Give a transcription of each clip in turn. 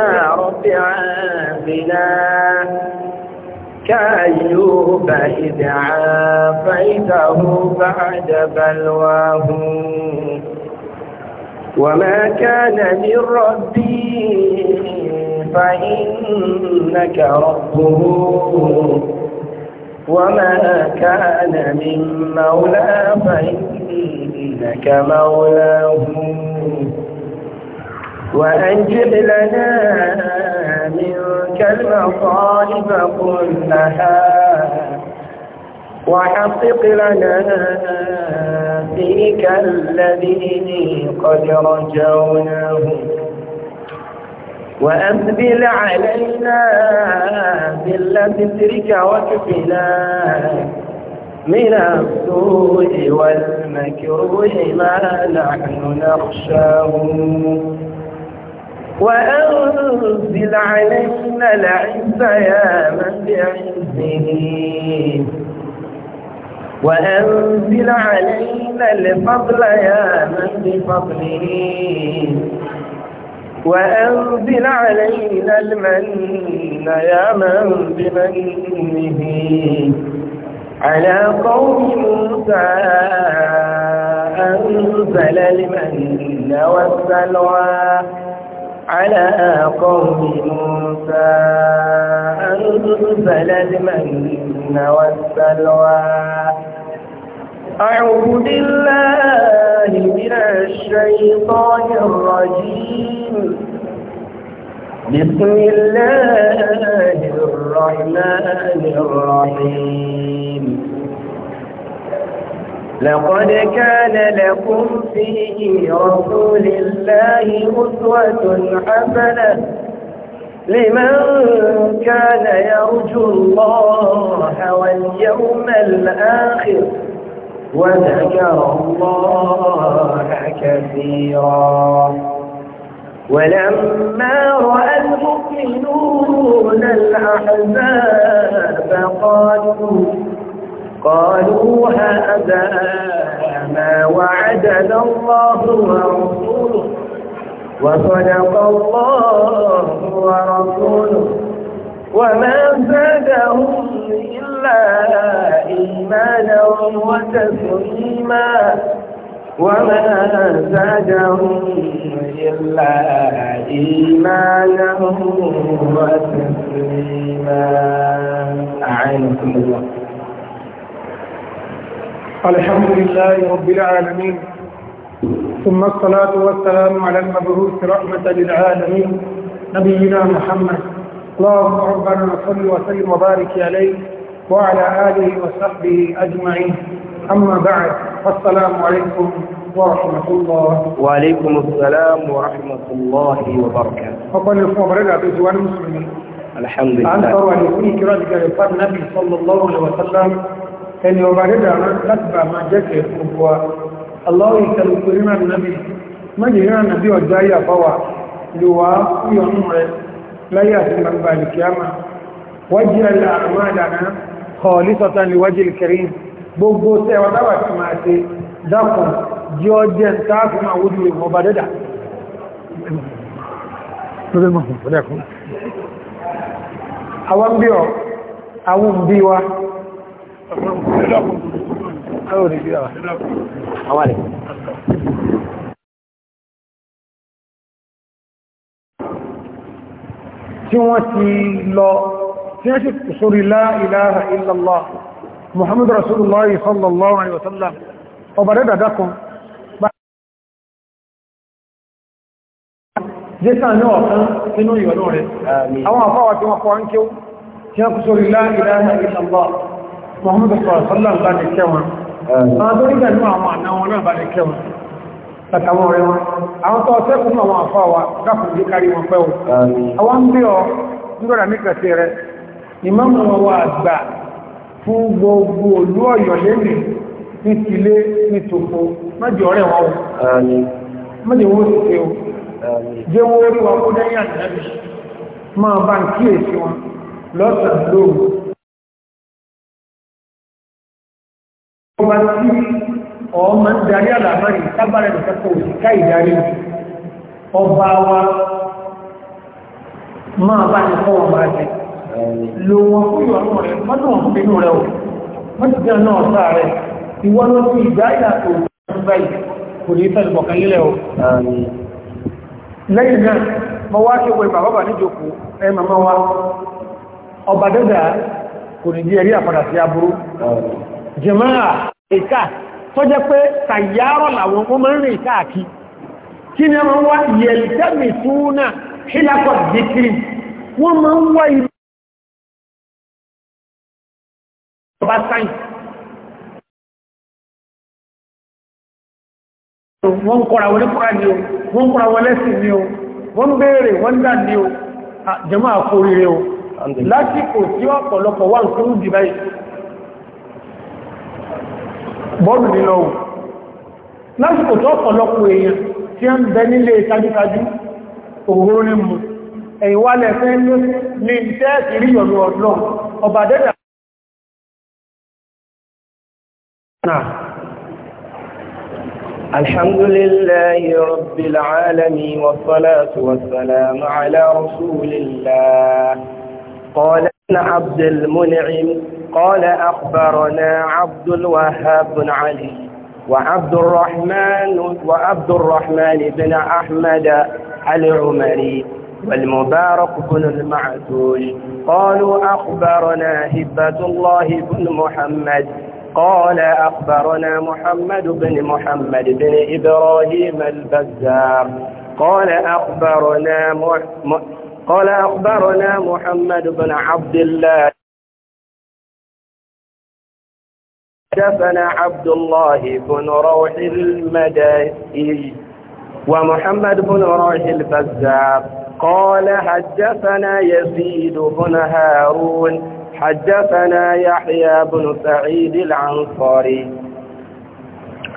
رب عافنا كأيوب إذ عافيته بعد بلواه وما كان من ربي فإنك ربه وما كان من مولى فإنك مولاه وأنجب لنا منك المصائب كلها وحقق لنا فيك الذين قد رجوناه وأبدل علينا ذل وكفنا من السوء والمكروه ما نحن نخشاه وأنزل علينا العز يا من بعزه وأنزل علينا الفضل يا من بفضله وأنزل علينا المن يا من بمنه على قوم موسى أنزل المن والسلوى على قوم موسى أنزل المن والسلوى أعوذ بالله من الشيطان الرجيم بسم الله الرحمن الرحيم لقد كان لكم فيه رسول الله أسوة حسنة لمن كان يرجو الله واليوم الآخر وذكر الله كثيرا ولما رأى المؤمنون الأحزاب قالوا قالوا هذا ما وعدنا الله ورسوله وصدق الله ورسوله وما زادهم إلا إيمانا وتسليما وما زادهم إلا إيمانا وتسليما أعينكم الله الحمد لله رب العالمين ثم الصلاة والسلام على المبعوث رحمة للعالمين نبينا محمد اللهم ربنا صل وسلم وبارك عليه وعلى آله وصحبه أجمعين أما بعد فالسلام عليكم ورحمة الله وعليكم السلام ورحمة الله وبركاته فقال لكم وبركاته بإزوان المسلمين الحمد لله أنت ولكم كرادك لفات النبي صلى الله عليه وسلم ẹni ọba dẹ́dà láti bá máa jẹ́kẹ̀ẹ́ fún wa aláwọ̀ ìtẹ̀lùkù ríran nàbí mẹ́jì ríran nàbí ọjọ́ ayà fáwà lùwà fúyọ̀nù rẹ̀ láyé àti gbangba alìkíyàmà wájí aláàmàdàná kọ̀ọ̀lì sọ́tà níwájí ìkẹrin àwọn bí wa حوالي tí wọ́n ti lọ tí wọ́n sì sórí láìláha illallah muhammadu rasulullah sallallahu alaihi wasallam ọba rẹ̀ dada kan bá jésà ní ọ̀kan inú ìyọ̀nú rẹ̀ àwọn àfáwà tí wọ́n kọ́ ń kí ó tí wọ́n kú sórí láìláha illallah Muhammadu Sallallahu bá ní kẹwọn, àwọn tó rí pẹ̀lú àwọn àna wọn náà bá ní kẹwọn, tàtàwọn ọ̀rẹ́ wọn. Àwọn tó ọ̀sẹ́kùn náà wọn àfọ́ wa dákùn jí kárí wọn pẹ́ o. Àwọn ń bí ọ nígbàrà ní kẹsì rẹ, ìmáàmù wọn wà àgbà fún gbogbo olú ọ̀yọ́ lẹ́nì ní tilé ní tòkó, mẹ́jọ ọ̀rẹ́ wọn o. Mẹ́jọ wọn sì ṣe o. Jẹ́ wọn orí wọn kó dẹ́yìn àtìlẹ́bì. Máa bá ń kíyèsí wọn lọ́sàn lóòrùn ọba tí ọmọ ń darí àlàmárì tábàrẹ̀ ìtẹ́kọ̀ òṣìká ìdarí ọba wa máa bá ní kọ́ ọba rẹ̀ lo wọn fúyọ àwọn rẹ̀ mọ́tò wọn pínú rẹ̀ o wọ́n ti jẹ́ náà sáà rẹ̀ ìwọ́ ló fi ìdáyà tó báyìí kò ní fẹ́ lùbọ̀kan lílẹ̀ o lẹ́yìn wá ọba dẹ́dà kò ní jẹ́ rí àpadà sí aburú jẹ̀máà ìka tó jẹ́ pé tàyárọ̀ làwọn wọ́n máa ń rìn káàkì kí ni wọ́n wá yẹ̀lítẹ́mì túnà wọ́n kọ́ra wọlé kọ́ra ni o wọ́n kọ́ra wọlé sí ni o wọ́n béèrè wọ́n dà ni o ah, jẹ́máà kórìíre o lásìkò tí ọ̀pọ̀lọpọ̀ wà ń kúrú dìbáyìí bọ́ọ̀lù nílọ ohun lásìkò tó ọ̀pọ̀lọpọ̀ èèyàn tí a ń bẹ nílé tajútajú òhòrò ní mú ẹ̀yìn wà lẹ́fẹ́ ní tẹ́ẹ̀kì rí yọ̀lú ọ̀dọ́n ọba dẹ́dà الحمد لله رب العالمين والصلاة والسلام على رسول الله قال بن عبد المنعم قال أخبرنا عبد الوهاب بن علي وعبد الرحمن وعبد الرحمن بن أحمد العمري والمبارك بن المعتوش قالوا أخبرنا هبة الله بن محمد قال أخبرنا محمد بن محمد بن إبراهيم البزار قال أخبرنا قال أخبرنا محمد بن عبد الله حدثنا عبد الله بن روح المدائي ومحمد بن روح البزاب قال حدثنا يزيد بن هارون حدثنا يحيى بن سعيد العنصري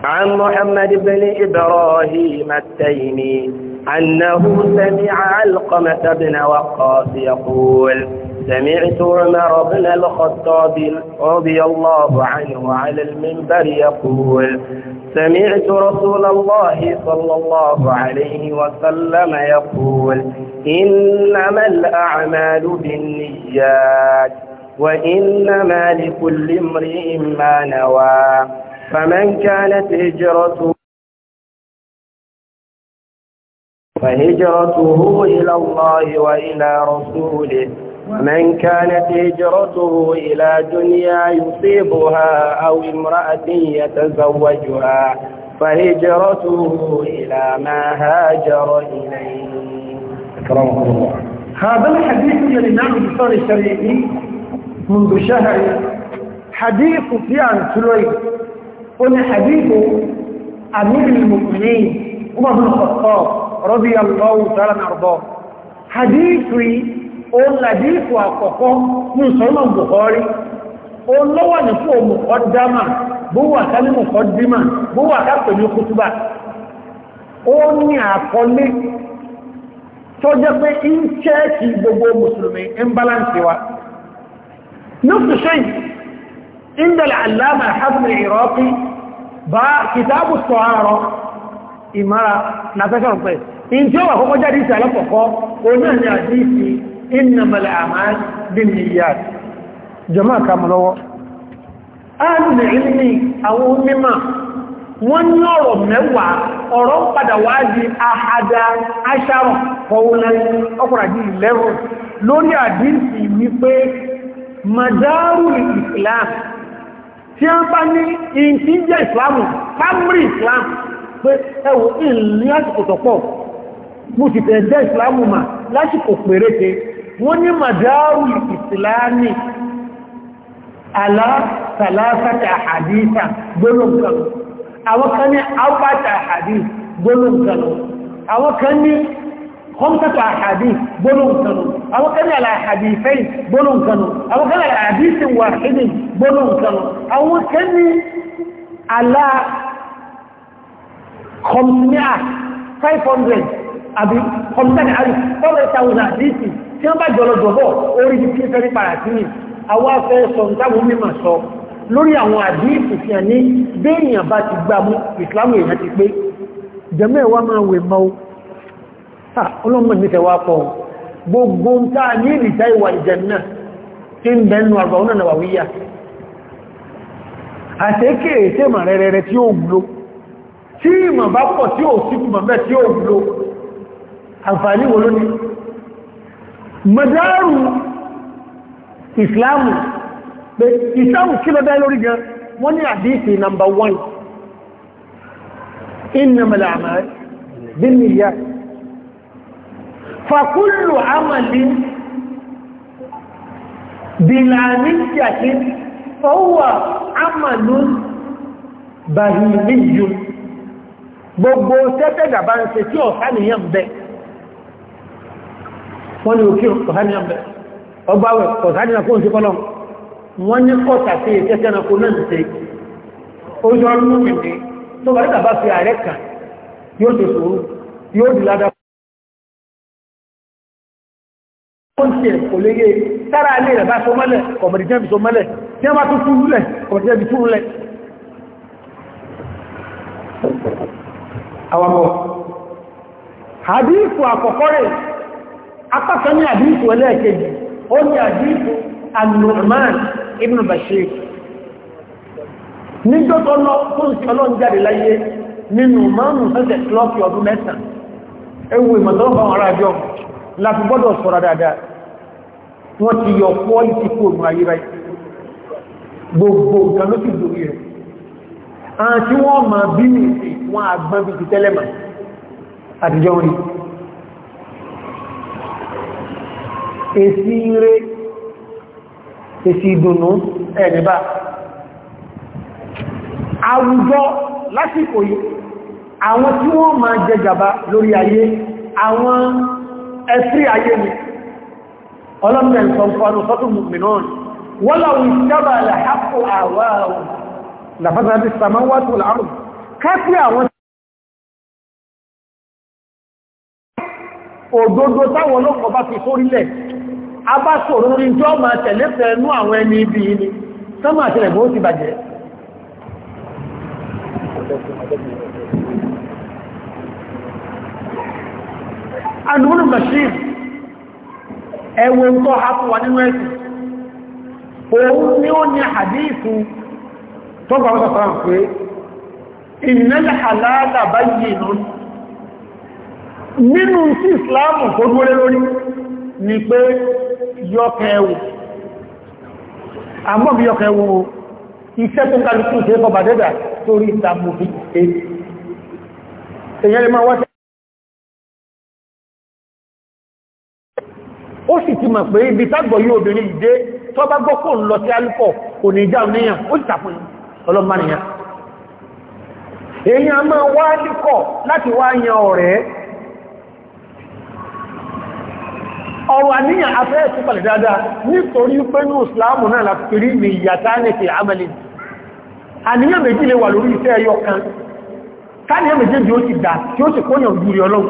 عن محمد بن إبراهيم التيمي أنه سمع علقمة بن وقاص يقول سمعت عمر بن الخطاب رضي الله عنه على المنبر يقول سمعت رسول الله صلى الله عليه وسلم يقول إنما الأعمال بالنيات وإنما لكل امرئ ما نوى فمن كانت هجرته فهجرته إلى الله وإلى رسوله ومن كانت هجرته إلى دنيا يصيبها أو امرأة يتزوجها فهجرته إلى ما هاجر إليه الله هذا الحديث للإمام البخاري الشريعي منذ شهر حديث عن سلويه قلنا حديث أمير المؤمنين عمر الخطاب rọ́bí allahu tààrà náà rọ́ hadithi o ladifu àkọ́kọ́ ní sọ́nà buhari o lọ́wọ́ ní fún omu ọdáma búwà tàbí mú kọ́dímà búwà kápẹ̀ ní kútúbà ó ní àkọlé tó jẹ́ pé in chẹ́ẹ̀kì gbogbo mùsùlùmí in balance wa نفس الشيء عند العلامة العراقي كتاب الطهارة ìmára nàfẹ́sọ̀ pẹ̀. in tí ó wà kọ́kọ́ jáde ìsẹ̀ alákọ̀ọ́kọ́ ni àdíìsì innamal a'mal binniyat jọmọ́ àkàmọ́lọ́wọ́ ní ọ̀rọ̀ mẹ́wàá ọ̀rọ̀ padà wá ahada lórí wípé islam tí a bá ní in tí jẹ́ islam islam pé ẹwọ ìlú lásìkò tọ̀pọ̀ mú ti tẹ̀ jẹ́ ìsìlámù mà lásìkò péréte wọ́n ní màdáàrù ìsìlámì alá sàlásàtà àdísà gbólóǹkan àwọn kan ní àpáta àdís gbólóǹkan àwọn kan ní kọ́mtàtà àdís gbólóǹkan àwọn kan ní àlàhàdífẹ́ gbólóǹkan àwọn kan àwọn kan ní alá kọmíà 500 àbí kọmíà àrí 4,000 dìtì tí wọ́n bá jọlọjọ̀bọ̀ orí di kí fẹ́ nípa àti ní àwọn afẹ́ sọ ìtàwọn mímọ̀ sọ lórí àwọn àdíìsì fi hàn ní béèyàn bá ti gbá mú ìsìlámù èèyàn ti pé jẹ́mẹ́ wá máa wè mọ́ ọlọ́mọ nífẹ̀ẹ́ wá pọ̀ gbogbo ń táà ní ìrìta ìwà ìjẹ̀nà tí ń bẹ̀ẹ́nu àgbà ọ̀nà nàwàwíyà àtẹ́kẹ̀ẹ́ tẹ́mà rẹ̀rẹ̀rẹ̀ tí ó gbogbo tí ìmọ̀ bá pọ̀ tí ó sí kùmọ̀ mẹ́ tí ó lo àǹfààní wo ló ní mọ̀dáàrù ìsìláàmù pé ìsáàmù kí lọ dá lórí gan wọ́n ní àdíìsì nàmbà 1 innamal a'mal binniyat fa kullu 'amalin bilaniyatin gbogbo tẹ́tẹ́ gàbá ń ṣe tí ọ̀sánìyàn bẹ wọ́n ni òkè ọ̀sánìyàn bẹ ọgbàwẹ̀ ọ̀sánìyàn kó ń sí kọ́lọ̀ wọ́n ní kọ́ta sí tẹ́tẹ́ ẹranko náà ń ṣe fi ti àwàbọ̀ àdífù àkọ́kọ́ rẹ̀ apákan ní àdífù ẹlẹ́ẹ̀kejì ó ní àdífù An-Nu'man ibn Bashir níjọ́tọ́ lọ tó ń sí ọlọ́run jáde láyé nínú márùn-ún fẹ́sẹ̀ klọ́kì ọdún mẹ́ta ewu ìmọ̀tọ́lọ́pàá wọn rájọ́ láti gbọ́dọ̀ sọ́ra dáadáa wọ́n ti yọ pọ́ ìtìkú òmù ayé báyìí gbogbo nǹkan ló ti dòrí rẹ̀ àti wọ́n máa bí mi sí wọ́n àgbọ́n bí ti tẹ́lẹ̀ mà àtijọ́ rí èsì rẹ̀ èsì ìdùnnú ẹ̀rẹ̀bá àwùjọ lásìkò yìí àwọn tí wọ́n máa jẹ gàba lórí ayé àwọn ẹ̀sí ayé ni ọlọ́mọdé ìsọ̀nkọ́nù sọ́tùmù mìíràn wọ́lọ̀wù ìjọba lẹ́hàpù àwọ̀ kapi àwọn òdodo táwọn olóòkọ̀ bá fi sórílẹ̀ a bá sọ̀rọ̀ lórí jọ máa tẹ̀lé fẹ́ẹ̀nú àwọn ẹni ibi ni àti ẹ̀gbọ́n ti bàjẹ́ anúrù machine ẹwọ hapùwa nínú ẹ̀sì òun ni ó ní ìnẹ́lẹ̀ àláàdà báyìí ìlú nínú sí ìsìláàmù tó dúró lórí ni pé yọkẹ̀ẹ̀wò àmọ́ bí yọkẹ̀ẹ̀wò iṣẹ́ tó ń kàrí fún ìṣẹ́ bọ́bà dẹ́dà torí ìtàmù fi ṣe èyàn lè máa wá ó sì ti mọ̀ pé ibi tágbọ̀ yóò obìnrin ìdé tó bá gbọ́kùn lọ sí alùpọ̀ kò ní ìjà òníyàn ó sì tàpín ọlọ́mọ́nìyàn èyàn máa wá níkọ̀ láti wá yan ọ̀rẹ́ ọ̀rọ̀ àníyàn afẹ́ ìsúpàlẹ̀ dáadáa nítorí pẹ́lú ìsìláàmù náà lápìrí ní ìyàtá nìkì àmàlì àníyàn méjì lè wà lórí iṣẹ́ ẹyọ kan káníyàn méjì ó ti dà tí ó sì kóyàn gúrí ọlọ́run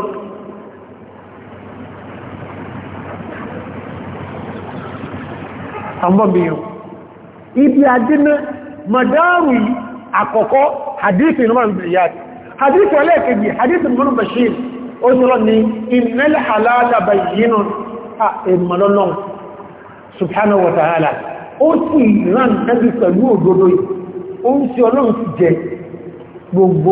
ibi yìí àkọ́kọ́ hadithi inú mọ́rin biliyad hadithi ọlẹ́ẹ̀kejì hadithi mọ́rin bashir ó sọ́rọ̀ ni innal halala bayyinun a ìmọ̀lọ́lọ́n subhanahu wa ta'ala ó sì rán tẹ́bí pẹ̀lú òdodo ó ń sí ọlọ́run ti jẹ gbogbo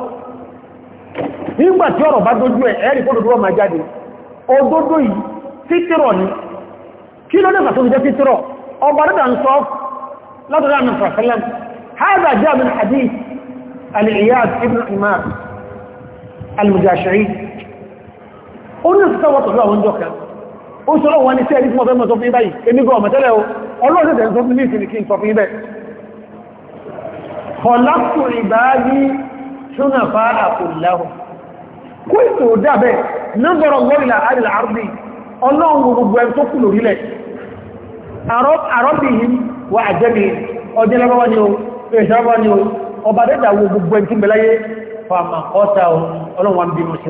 nígbà tí ọ̀rọ̀ bá dójú ẹ̀ ẹ̀rì kó dòdó ọmọ jáde òdodo yìí fítírọ̀ ni kí ló dẹ̀fà tó jẹ́ fítírọ̀ ọba dẹ́dà ń sọ látọ̀dá àmì fàṣẹ́lẹ̀ hádà jẹ́ àmì hadith al-Iyad ibn Imam al-Mujashiri ó ní ìfẹ́ wọ́n tọ̀lọ́ àwọn jọ́ka ó sọ́rọ̀ wọn ní sí ẹ̀rí fún suna fara kùláhùn kó ìtò dábẹ̀ nọ́bọ̀rọ̀ lọ́rìlà àrìlà àrùbí ọlọ́run gbogbo ẹn tó kù lórílẹ̀ àrọ́bì yìí wà àjẹ́mi ọjẹ́lẹ́bọ́wọ́ ni o ẹ̀ṣọ́bọ́ ni o wo gbogbo ẹn tí mẹ́láyé fàmà ọ́ta ọlọ́run wa ń bínú sí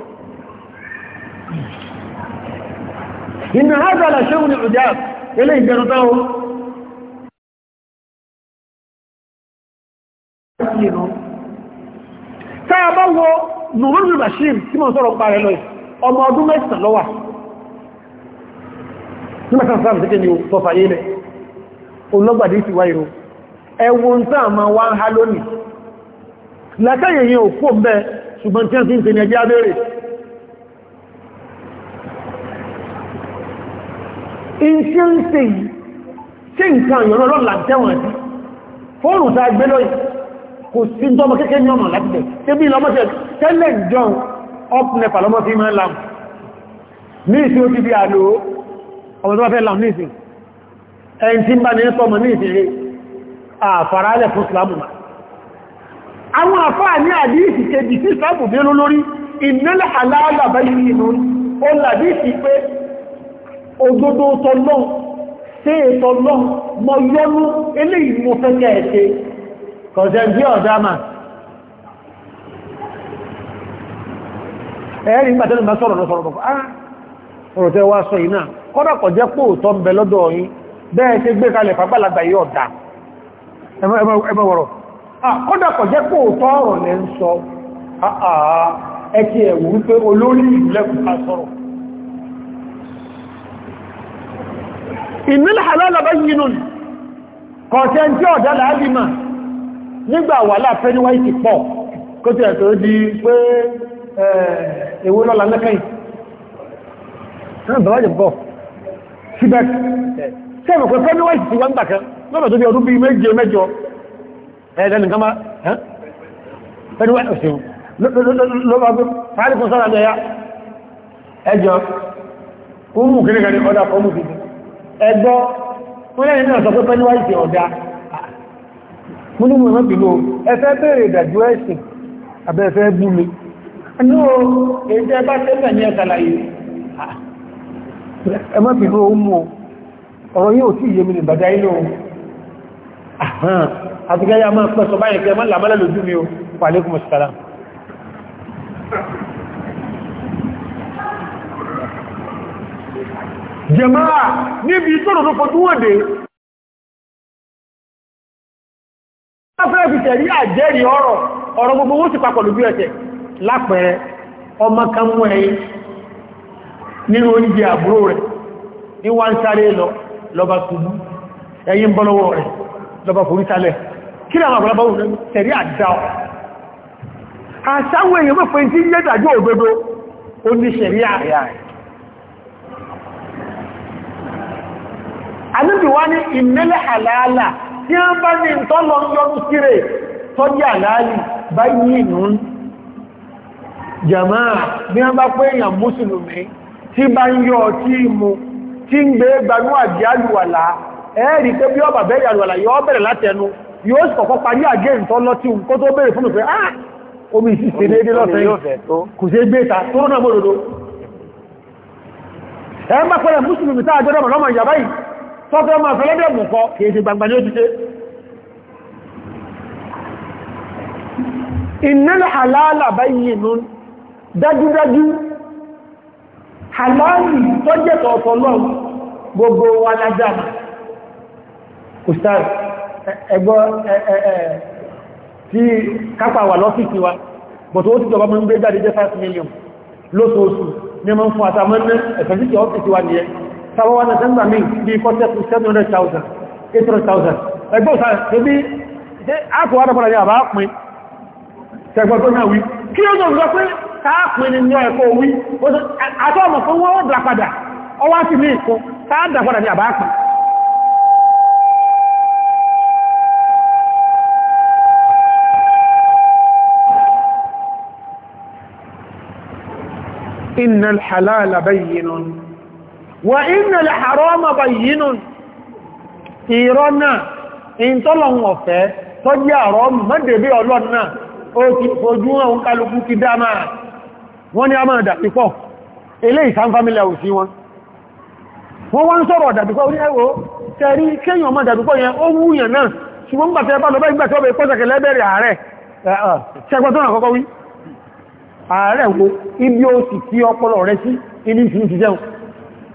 إن هذا لشغل عجاب إليه جرده tàbá wọ nùrùn bashir tí mọ̀ sọ́rọ̀ parẹ lọ ọmọ ọdún mẹ́sàn lọ́wà ní mẹ́sàn sáàmù síkẹ́ ni ó tọ́fà yé lẹ̀ olọ́gbàdé ti wá ìrò ẹwọ́n tàà ma wá ń iṣẹ́ ń ṣe yìí tí nǹkan ìyọ̀nà ọlọ́la jẹ́wọ̀n sí fóònù tá gbé lọ́yìn kò sí dọ́mọ kékeré ní ọmọ láti bẹ̀ tẹ́bí lọ́mọ́tẹ̀ tẹ́lẹ̀ john up nepa lọ́mọ́ sí máa lam ní ìsìn ó ti bí àlò ọmọ tó bá fẹ́ lam ní ìsìn ẹ̀yìn tí ń bá ní sọmọ ní ìsìn rẹ̀ àfàrálẹ̀ fún islamu ma àwọn àfáà ní àdíìsì kejì sí islamu bí lórí ìnẹ́lẹ̀ aláàlàbáyìí nínú ó làdíìsì pé òdodo tọ́lọ́ tí ètọ́lọ́ mọ yọ́nú eléyìí mo fẹ́ kẹ́ ẹ̀ṣe kọ̀ọ̀sẹ̀ bí ọ̀dá mà ẹ̀rí nígbà tẹ́lẹ̀ bá sọ̀rọ̀ lọ́sọ̀rọ̀ ah, ọ̀rọ̀ tẹ́ wá sọ yìí náà kọ́dọ̀ kọ̀ jẹ́ pòótọ́ ń bẹ lọ́dọ̀ yìí bẹ́ẹ̀ ṣe gbé kalẹ̀ fàgbàlagbà yìí ọ̀dá ẹmọ́wọ̀rọ̀ ah, kọ́dà kọ̀ jẹ́ kó tọ́ọ̀rọ̀ lẹ́ ń sọ ah, ẹ̀kì ẹ̀wù wípé olórí ìlẹ́kùn ká sọ̀rọ̀ ìnílẹ̀ alálàbá yínú kọ̀ọ̀tẹ́ tí ọ̀dá láàrínmà nígbà wà láàfẹ́ níwá ìtì pọ̀ kó tí ẹ̀tọ́ di pé èwo lọ́la mẹ́kẹ́yìn Ẹjọ́, ó mú kìrìkà ní ọdá ọmọ ìdíjẹ́ ẹgbọ́ wọ́n lẹ́yìn náà sọ pé pẹ́ níwáyé ti ọ̀dá mú ní mọ̀ bínú ẹfẹ́ bèèrè ìdàjú ẹ̀sìn àbẹ́ẹ̀fẹ́ bú mi ẹnú ẹjẹ́ bá tẹ́lẹ̀ ní ẹ̀sàlàyé ẹmọ́ bínú ohun mú ọ̀rọ̀ yóò tí yé mi lè bàjá inú àti gẹ́gẹ́ máa pẹ́ sọ báyẹ̀ kẹ́ mọ́ làmọ́lẹ̀ lójú mi o wà lẹ́kùn mọ̀síkàlá jẹmáà níbi tọ́rọ tó fojú wọ́de láfẹ́ fi tẹ̀rí àjẹ́rì ọ̀rọ̀ ọ̀rọ̀ gbogbo ó ti papọ̀ lójú lápẹẹrẹ ọmọ kan mú nínú oúnjẹ àbúrò rẹ̀ ní wá ń sáré lọ lọba bọ́lọ́wọ́ rẹ̀ lọba forí sálẹ̀ kí ni àwọn àníbì wá ní ìmẹ́lẹ̀ àlàálà tí a ń bá ní ìtọ́lọ yọrù síre tọ́jú àlàálì bá yí ìnú jàmáà bí a bá pé èèyàn mùsùlùmí tí bá ń yọ ọtí mu tí ń gbé gbanú àjẹ́ àlùwàlá ẹ̀ẹ́rì pé bí ọba bẹ́ẹ̀ àlùwàlá yọ bẹ̀rẹ̀ látẹnu yóò sì kọ̀kọ́ parí àgé ìtọ́lọ tí nǹkan tó bẹ̀rẹ̀ fún ìfẹ́ ah, omi ìsìsì ní èdè lọ́sẹ̀ kò sí gbé ta tó rọ́nà mọ́rọ̀dọ́ ẹ tọ́tọ́ máa fẹ́lẹ́dẹ̀ mú kọ kìí ṣe gbangba ní ó ti ṣe innal halala bayyinun dájúdájú halali tó jẹ́ tọ̀ọ̀tọ̀ lọ gbogbo wa lájára kùsàrí ẹgbọ́ tí kápà wà lọ́fíìsì tàwọn wà nẹ́sẹ̀ ńgbà mí bí kọ́sẹ̀kù 700,000 800,000 ẹgbẹ́ òsàn ẹbí àkùwádọ́pọ̀lá ní àbá pín tẹgbọ́n tó náà wí kí ó lọ́gbọ́ pé káàpín ní ní ẹ̀kọ́ wí àtọ́ ọmọ fún wọ́n dàpadà ọwá sí ní ìkún káàdàpadà ní àbá pín إن الحلال بين wà inú lè àrọ́mà bá yínú ìrọ́ náà in tọ́lọ̀un ọ̀fẹ́ tó jẹ́ àrọ́mù mọ́dẹ̀bí ọlọ́n náà ó ti fojú àwọn kálukú ti dá wọ́n ni a máa dàpípọ̀ ilé ìsán fámílẹ̀ òsí wọn wọ́n wọ́n sọ̀rọ̀ dàpípọ̀ ní ẹwọ́ tẹ̀rí kéyàn máa dàpípọ̀ yẹn ó wúyàn náà ṣùgbọ́n gbàtẹ́ bá ìgbàtẹ́ lẹ́bẹ̀rẹ̀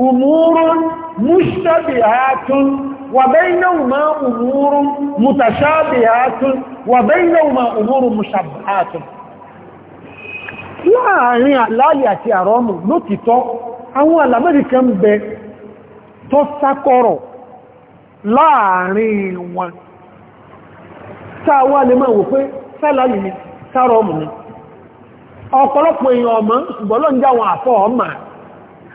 أمور مشتبهات وبينهما أمور متشابهات وبينهما أمور مشابهات láàrin àláàlì àti àrọ́mù lótìtọ́ àwọn àlàmẹ́rì kan bẹ tó sákọ̀rọ̀ láàrin wọn táwà lè máa wò pé sálàlì ni sárọ̀mù ni ọ̀pọ̀lọpọ̀ èèyàn ọmọ ṣùgbọ́n lọ́njẹ́ wọn àfọ́ ọmọ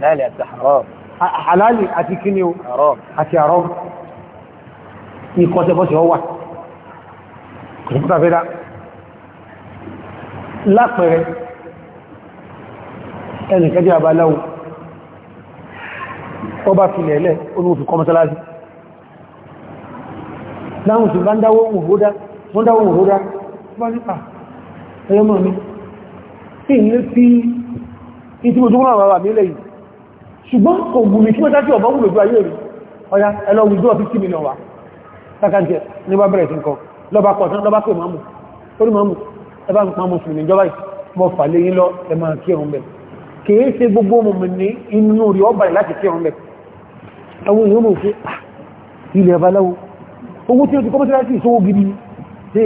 halali àti haram halali àti kíni o àti haram ní kọ́sẹ̀bọ́sẹ̀ ọwà kòtàfẹ́ dá lápẹẹrẹ ẹnìkẹ́jẹ́ àbáláwò ọba filẹ̀ ẹlẹ́ olóòfin kọmọsálájì láwọn tí bá ń dáwọ́ òhúdá wọ́n dáwọ́ òhúdá bá nípa ẹyọmọ̀ mi tí ìlú tí ìtí mo tó kúrò àwọn àmì lẹ́yìn ṣùgbọ́n kò gùnmí kí mẹ́ta tí ọ̀bọ̀ wùlò ju ayé rí ọya ẹlọ wùdó 50 million wa takàntẹ̀ ní bá bẹ̀rẹ̀ sí nǹkan lọ́bá pọ̀ tán lọ́bá pè mọ́mù orí mọ́mù ẹbá ń pa mùsùlùmí ìjọba mọ́ fàlẹ́ yín lọ ẹ máa kí ẹ̀hún bẹ̀ kìí ṣe gbogbo mọ̀mù ní inú rí ọba láti kí ẹ̀hún bẹ̀ àwọn èèyàn mọ̀ pé ah, ilẹ̀ baláwo owó tí ó ti kọ́mọ́sí láti ìṣòwò gidi ṣe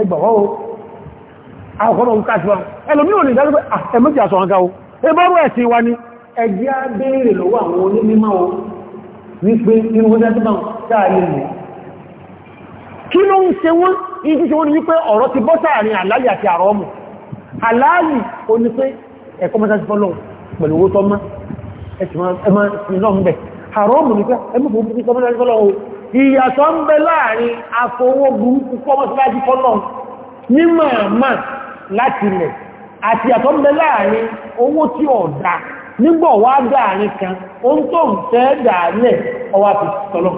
ẹgbà wá o àwọn ọ̀nà ń káàkiri ẹlòmí ò lè dárúgbẹ́ ẹ̀mẹ́jì àṣọ ẹjẹ́ á béèrè lọ́wọ́ àwọn onímọ̀ wọn wípé inú wọ́n dájú báwọn sáàrí mọ̀ kí ló ń ṣe wọ́n ìdí ṣe wọ́n ni wípé ọ̀rọ̀ ti bọ́ sáàrin àlàyé àti àrọ́ mọ̀ àlàyé o ní pé ẹ̀kọ́ mọ́ta ti fọ́lọ́ pẹ̀lú owó tọ́mọ́ ẹ̀tìmọ́ láti ilẹ̀ àti àtọ́ ń bẹ láàrin owó tí ọ̀dá nígbọ̀ wá dáàrin kan o ń tó ń fẹ́ dáàlẹ̀ ọwá fi tọ́lọ̀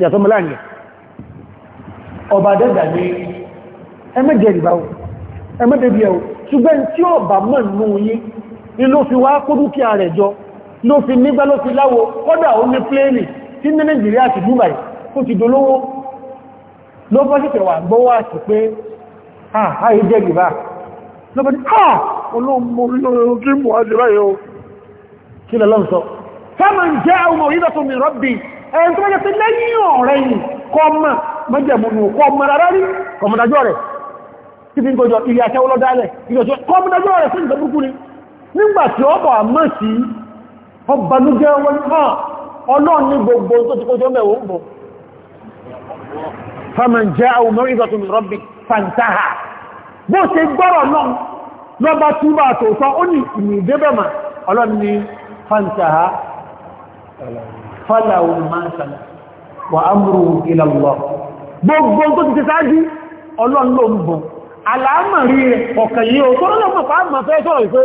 yàtọ̀ mọ́láàrin ọba dẹ́dà ní ẹmẹ́jẹ̀ ìbáwò ẹmẹ́dẹ̀bí ẹ̀wò ṣùgbẹ́ tí ó bà mọ́ nínú ni ló fi wá kó dúkìá rẹ̀ jọ ló fi nígbà ló fi láwo kọ́dà ó ní pléèlì tí ní Nàìjíríà ti Dubai ó ti dolówó ló wà gbọ́ wá ah, kí lọ lọ́n sọ fẹ́mà ń jẹ́ àwọn ìdàtò mi rọ́bì ẹ̀yìn tó jẹ́ pé lẹ́yìn ọ̀rẹ́ yìí kọmọ mẹ́jẹ̀mùnù kọmọ rárá rí kọmọdájọ́ rẹ̀ tí fi ń gọjọ ilẹ̀ àṣẹ olódálẹ̀ kọmọdájọ́ rẹ̀ fún ìgbẹ̀bùkú ni nígbàtí ọbọ̀ àmọ́ sí ọbànújẹ́ wọn náà ọlọ́run ní gbogbo tó ti kójọ mẹ́wọ́ فانتهى فله ما سنة وأمره إلى الله gbogbo tó ti sáájú ọlọ́run ló ń bọ̀ aláàmàrí rẹ̀ o tọ́rọ lọ́pọ̀ pa àmà fẹ́ sọ́rọ̀ ìfẹ́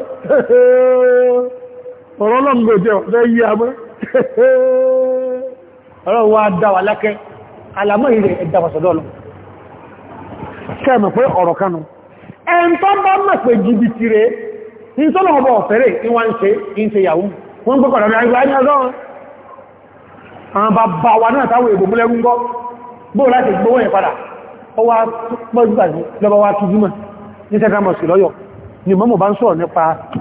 ọ̀rọ̀ lọ́n ló jẹ́ ọ̀fẹ́ yí wọ́n gbọ́kọ̀ lọ́dọ̀ àìgbà ní ọlọ́run àwọn náà táwọn èbò múlẹ́rún gọ́ bóò láti gbówó padà ó wá pọ́júgbà lọ́bọ̀ wá ní tẹ́tàmọ̀sì lọ́yọ̀ ni bá ń nípa tí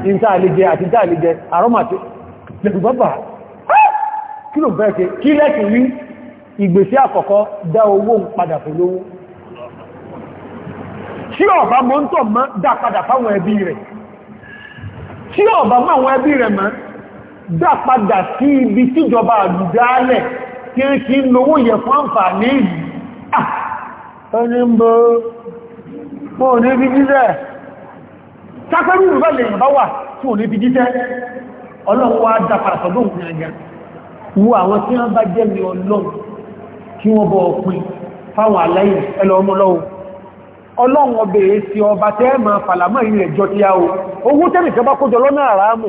ọ̀bá mọ́ ń tọ̀ mọ́ dá padà fáwọn ẹbí rẹ̀ tí ọ̀bá mọ́ àwọn ẹbí rẹ̀ dá padà sí ibi tíjọba àdúdálẹ̀ tí ń kí ń lówó yẹ fún àǹfààní ìlú ẹni ń bọ́ mọ́ ní bí jíṣẹ́ sáfẹ́rú ìrúbẹ̀ lè yìnbá wà tí ò ní bí jíṣẹ́ ọlọ́wọ́ dá padà sọ́dún ìrìnàjá wo àwọn tí wọ́n bá jẹ́ mi ọlọ́run kí wọ́n bọ́ ọpin fáwọn aláìní ẹlọ ọmọlọ́wọ́ ọlọ́run ọbẹ̀ èsì ọba tẹ́ẹ̀mà fàlàmọ́ ìrìn ẹjọ́ tí a o owó tẹ́nìkẹ́ bá kójọ lọ́nà àràámù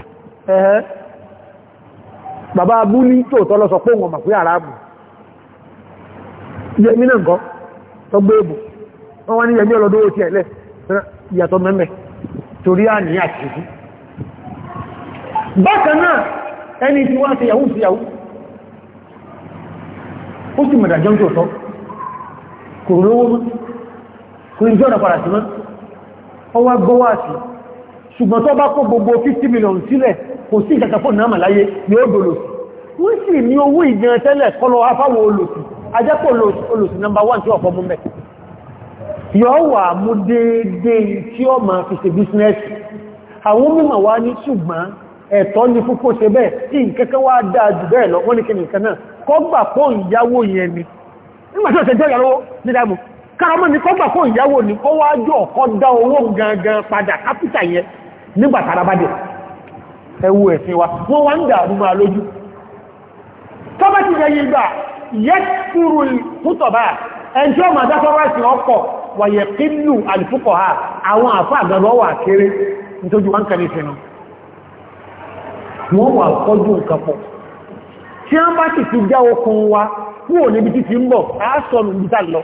ẹ̀hẹ́ bàbá abú ní tòótọ́ lọ sọ pé wọn màpé àràbù yẹmí náà nǹkan tó gbé èbò wọ́n wá ní yẹmí ọlọ́dọ́ ó ẹ̀lẹ́ ìyàtọ̀ mẹ́mẹ́ torí àní àtìsí bákan náà ẹni tí ti yàwó ṣùgbọ́n tó bá kó kò sí ìkàkà fún náà màláyé yóò dòlòsì wọ́n sì ní owó ìgbìyàn tẹ́lẹ̀ kọlọ afáwọ olòsì ajẹ́pọ̀ olòsì number one tí ọ̀pọ̀ mú mẹ́ yọ́ wà mú déédé tí ó ma fi ṣe bísínẹ́sì àwọn mímọ̀ wá ní ṣùgbọ́n ẹ̀tọ́ ní fún kó ṣe bẹ́ẹ̀ tí ni nígbà tí ó ṣe jẹ́ ìyàwó ní ni kọ́gbà pọ̀ ìyàwó ni kọ́wájú ọ̀kọ́ dá owó gangan padà kápítà yẹn nígbà tàràbádẹ̀ ẹwú ẹ̀sìn wa wọ́n wá ń dààmú máa lójú tọ́bẹ̀ ti yẹ yìí gbà yẹ́kùrù ẹjọ́ ma dákọ́rọ̀ ọkọ̀ wàyẹ̀ kínú àlìfúkọ̀ ha àwọn àfá àgbàlọ́wà kéré nítorí wọ́n wọ́n wà a bá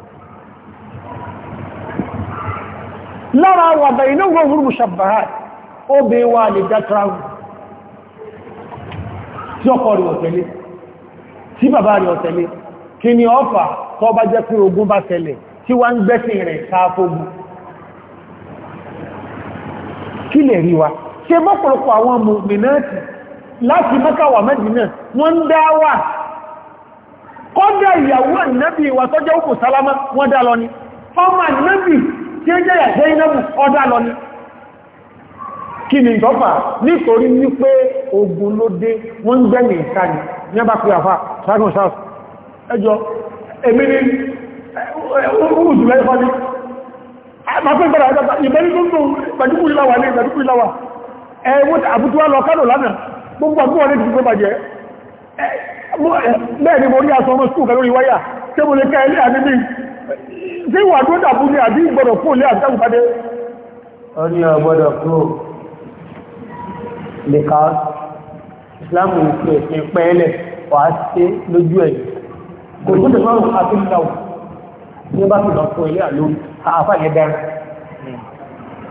lára wà bẹ̀rẹ̀ inú gbogbo ṣàbàrá obè wà lè dákráwù tí ọkọ rí ọ̀tẹ̀lé tí bàbá rí ọ̀tẹ̀lé kí ni ọfà bá jẹ́ pé bá tẹ̀lẹ̀ tí wá ń gbẹ́sìn rẹ̀ kí lè rí àwọn kọ́dá ìyàwó òkú sálámá lọ ni tí ó jẹ́ ẹ̀jẹ́ inábù ọdá lọ ní kí ni ìtọ́fà nítorí wípé ogun ló dé wọ́n ń gbẹ̀mì ìta ni ní ọba pé àfà ṣáàkùn ṣáàkù ẹjọ́ èmi ni oúnjù lẹ́fọ́ ní bẹ́ẹ̀ ni mo rí aṣọ ọmọ skúù kan lórí wáyà tí mo lè kẹ́ ilé àmì ṣé ìwà tó dàbú ní àbí ìgbọ̀dọ̀ kúrò lé àti àgùnfàdé. ó ní a kúrò because Islam ń fi ẹ̀sìn pẹ́ẹ́lẹ̀ wàá ṣe lójú ẹ̀ kò ní ìdọ̀fọ́ àti ìdáwò ní bá fi lọ fún ilé àlọ́ àáfà yẹn dára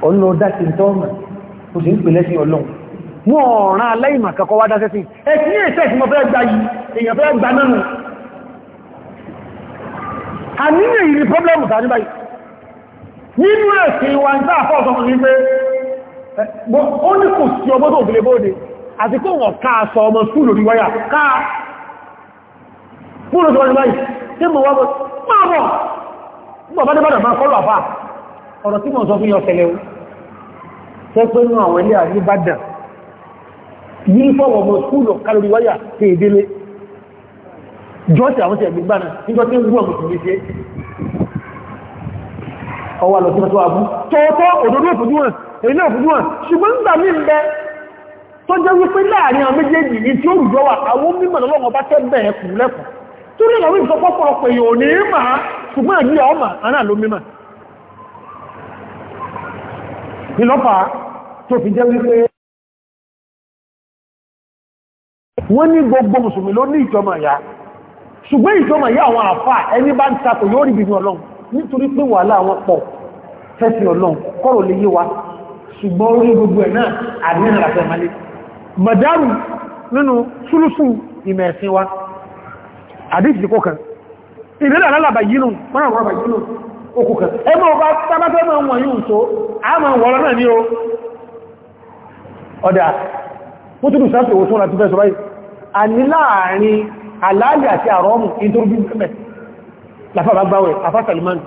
ọlọ́ dáṣe ń tọ́ọ̀mà kò sí ń pè lẹ́sìn ọlọ́run wọ́n ọ̀ràn aláìmọ̀ kankan wá dáṣẹ́ sí ẹ̀sìn ẹ̀sẹ̀ ìsìn mọ̀ fẹ́ gba yìí èèyàn fẹ́ gba náà àníyàn yìí ni pọ́blẹ́mù tàbí báyìí nínú ẹ̀sìn wa ń tàà fọ́ọ̀sọ́ fún wípé ó ní kò sí ọmọ tó fìlẹ̀ bóde àti kó wọ́n káà sọ ọmọ sùn lórí wáyà káà fún òṣèwọ́n báyìí tí mo wá mọ́ ọ̀rọ̀ tí mọ̀ jọ́sì àwọn tẹ̀gbẹ̀ gbára níjọ́ tí ń wú ọmọ ìsinmi ṣe ọwà lọ sí ọjọ́ abú tọ́ọ̀tọ́ òdòdó òfúdúwọ̀n èlé òfúdúwọ̀n ṣùgbọ́n gbà mí ń bẹ tó jẹ́ wípé láàrin àwọn méjèèjì ní tí ó rùjọ wà àwọn mímọ̀ wọ́n ní ṣùgbọ́n ìjọmọ̀ yá àwọn àfà ẹni bá ń takò yóò rí bìbí ọlọ́run nítorí pé wà láwọn pọ̀ fẹ́sì ọlọ́run kọ́rọ̀ lè yé wa ṣùgbọ́n orí gbogbo ẹ̀ náà àdínà àfẹ́ malé mọ̀dáàrù nínú súlùsù ìmẹ̀ ẹ̀sìn wa àdíṣì kó kan ìrẹ́lẹ̀ alálàbà yínú mọ́rànlọ́bà yínú okù kan ẹ mọ́ ọba tábátẹ́ mọ́ wọn yóò tó a mọ́ wọ́rọ̀ náà ní o ọ̀dà mú túnú sáfẹ́ òwò tó rà tó fẹ́ sọ báyìí a ní láàárín aláàlì àti àrọ́mù ìdórí mẹ́ lafàbà gbáwẹ̀ afásàlìmán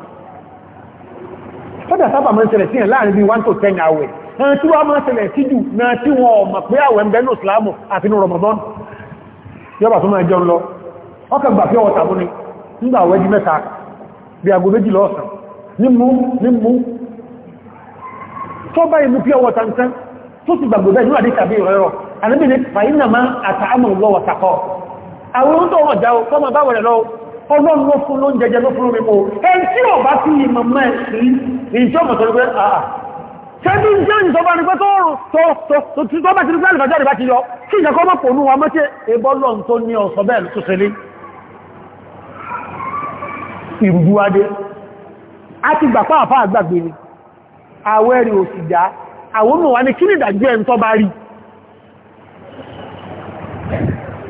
fọ́dà sábà máa ń ṣẹlẹ̀ sí ẹ̀ láàrin bí 1 to 10 àwẹ̀ ẹni tí wọ́n máa ṣẹlẹ̀ sí jù náà tí wọ́n mọ̀ pé àwẹ̀ ń bẹ́nu islamu àti ní Ramadan yọba tó máa jẹun lọ ọkà gbà pé ọwọ́ tàbí ní nígbà àwẹ̀ jí mẹ́ta bí ago méjìlá ọ̀sán nímú nímú tó bá imú pí ọwọ́ tàbí tó sì gbàgbẹ̀ àwọn oúnjẹ ọmọ jáwó kọmọ báwọn rẹ̀ lọ ọlọ́run ló fún ló ń jẹjẹ ló fún omi mọ́ ẹn tí ò bá sí ìmọ̀ mẹ́ sí ìjọ mọ̀tọ̀lẹ́gbẹ́ àà ṣẹ́bí ń jẹ́ ìjọba ní pé tó bá ti rí pé àlùfàjáde bá ti yọ kí ìjẹ́kọ́ mọ́ pònú wa mọ́tẹ́ ebọ́lọ́n tó ní ọ̀sọ̀ bẹ́ẹ̀ tó ṣe lé ìrùbúwádé a ti gbà pàápàá àgbàgbé ni àwẹ́rì òsìdá àwọn mọ̀ wá ní kí ní ìdàjẹ́ ń tọ́ bá rí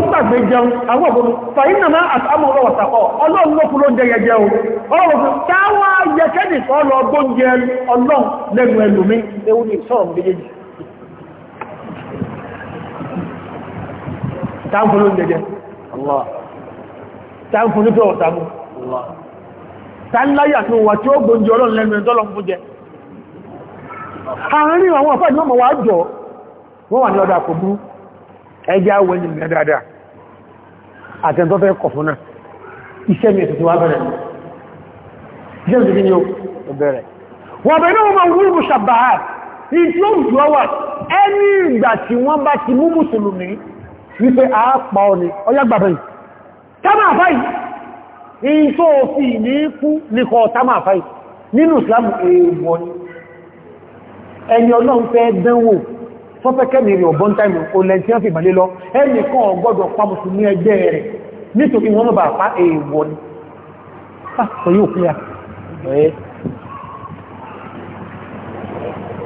tó ń jẹun àwọn ọ̀gbọ́n fàyín nàmá àtàmù ọ̀rọ̀ ọ̀sàkọ̀ ọlọ́run ló kú ló ń jẹ o ọ̀rọ̀ ewu méjèèjì táwọn jẹ ẹjá wẹ́yìn ìgbà dáadáa àtẹ́ntọ́fẹ́ kọ̀ fún náà iṣẹ́ mi ètùtù wá bẹ̀rẹ̀ james bí ní o bẹ̀rẹ̀ wọ́n bẹ̀rẹ̀ wọ́n ma wúrù sàbáà ní ẹni ìgbà tí wọ́n bá ti mú tamafai in tó fi ní tamafai nínú Islam èèwọ̀ ni ẹni ọlọ́run sọ́fẹ́kẹ́mì rí ọ̀bọ́n táìmù olẹ́ntí wọ́n fi bà lé lọ ẹni kan ọgbọ́dọ̀ pa mùsùlùmí ẹgbẹ́ rẹ̀ nítorí wọ́n mọ̀ bà pa èèwọ̀ ni pàtàkì ah, yóò pé à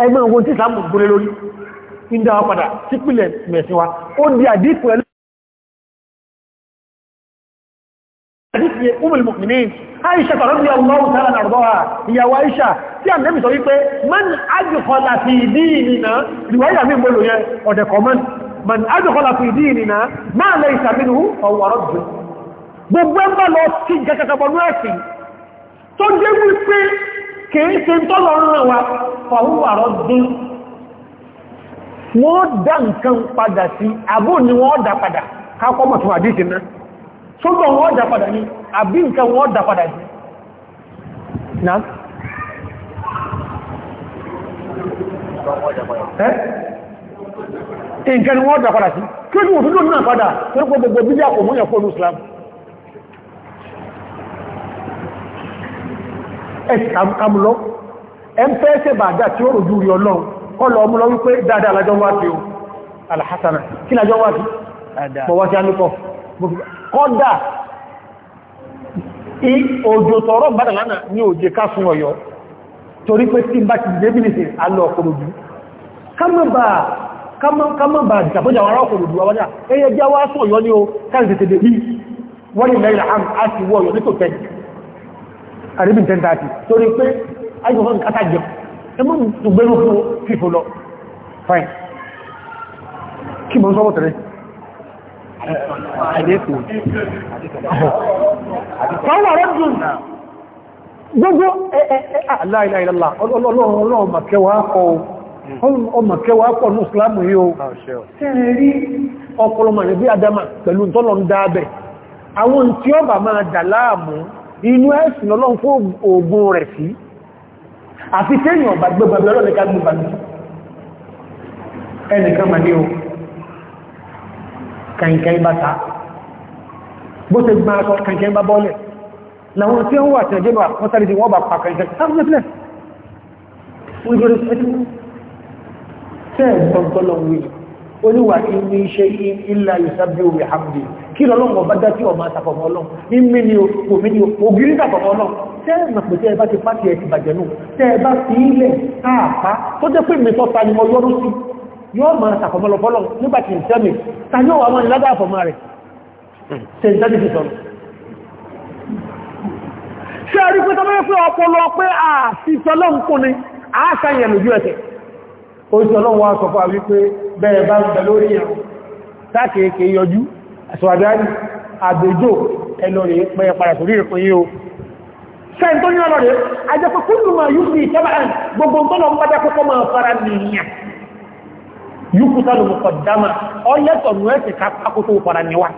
ẹgbẹ́ ogun tí sàmù gúnlé lórí ń dá wa padà di àdíkù ayé umul mu'minin aisha tọ̀rọ̀bí ọlọ́run tààrà nàrọ̀dọ́wà ìyàwó aisha tí a nẹ́bì sọ wípé man ajùkọlá fi ìdí ìnìyàn ìwáyà mí gbọ́lò yẹn ọ̀dẹ̀kọ̀ man man ajùkọlá fi ìdí ìnìyàn máa lẹ ìsàmínú ọwọ́rọ̀ jù gbogbo ẹgbà lọ tí gẹ́gẹ́gẹ́gbọ́nú ẹ̀sìn tó jẹ́ wípé kìí ṣe tọ́lọ rán wa fọwọ́rọ̀ dún wọ́n dá nǹkan padà sí àbò sótọ̀ wọ́n dà padà ní àbí nǹkan wọ́n dà padà ní na ẹ́ nǹkan wọ́n dà padà sí kí ní òtútù náà padà tó gbogbo bí yà kò mú yẹ̀kọ́ ní Islam ẹ̀kàmùlọ́ ẹ̀mfẹ́ẹ́sẹ̀ bàdá tí ó rò júrí ọlọ́run kọlọ ọmọ lọ wípé dáadáa alájọ́ wá sí o alhassana kí lájọ́ wá sí mọ̀wá sí alúkọ̀ kọ́dà òjò tọ̀rọ̀ bádà lánàá ní òjè ká fún ọ̀yọ́ torí pé tí bá ti débìlìsì alọ́ ọkọ̀lójú kámọ́bà jàbójà wọ́n ọkọ̀lójú wájá ẹyẹ jẹ́ wá fún ọ̀yọ́ ní o káàkiri tẹ̀lé wọ́n ni lẹ́yìn àmì a wọ́ ọ̀yọ́ tẹ́ àdékù fáwọn rọ́dùn gbogbo aláìláìlá ọlọ́run màkẹwàá kọ́ ọmọkẹwàá pọ̀ ní ìsìlámù yíò tẹ́rẹ ah, rí ọkọlọmọ̀ rẹ̀ bí adama pẹ̀lú tọ́lọ ń dáábẹ̀ àwọn tí ó bà máa dà láàmú inú ẹ̀sìn ọlọ́run fún ogun rẹ̀ sí àfi tẹ́yìn ọ̀bà gbẹ̀gbẹ̀ ọlọ́run kànkàn bá ta bó ṣe gbá aṣọ kànkàn bá bọ́ọ̀lẹ̀ láwọn tí wọ́n wà tí ọjọ́ wọ́n sáré di wọ́n bá pa kànkàn sáfẹ́fẹ́ oníwà inú iṣẹ́ ilá ìsábí orí àmì kí lọ́lọ́wọ́ bá dá tí ọmọ àtàfọ̀mọ́ ọlọ́run ní ní omi ní ògiri tàfọ̀mọ́ ọlọ́run tẹ́ẹ̀mà pẹ̀ tẹ́ẹ̀ bá ti pàtẹ̀ ẹ̀ ti bàjẹ̀ náà tẹ́ẹ̀ bá ilẹ̀ àpá tó jẹ́ pé mẹ́tọ́ta ni mo yọ́rú sí yóò mọ̀ sàkọ̀mọ́lọ fọ́lọ̀ nígbàtí ìṣẹ́mì ta yóò wà mọ́ ní ládá àfọ̀mọ́ rẹ̀ ṣe ìṣẹ́mì ti sọ̀rọ̀ ṣe rí pé tọ́mọ́ pé ọpọlọ pé a ti tọ́lọ́ ń kún ni a sáyẹ̀ lójú ẹ̀tẹ̀ oṣù ọlọ́run wá sọ fún àwí pé bẹ́ẹ̀ bá ń bẹ lórí ẹ̀rùn sákèéké yọjú àṣọ̀dárí àgbèjò ẹlọ́rẹ̀ pẹ́ padà sórí ìpín yíò sẹ́ntọ́ ní ọlọ́rẹ̀ ajẹ́kọ̀kúnnù máa yú sí ìtẹ́bà ẹ̀ gbogbo ń tọ́lọ ń bá jẹ́ kọ́kọ́ máa fara nìyàn yúkútà ló mọ̀kọ̀ dáma ọlẹ́tọ̀ ní ẹ̀sẹ̀ kápákótó fara níwá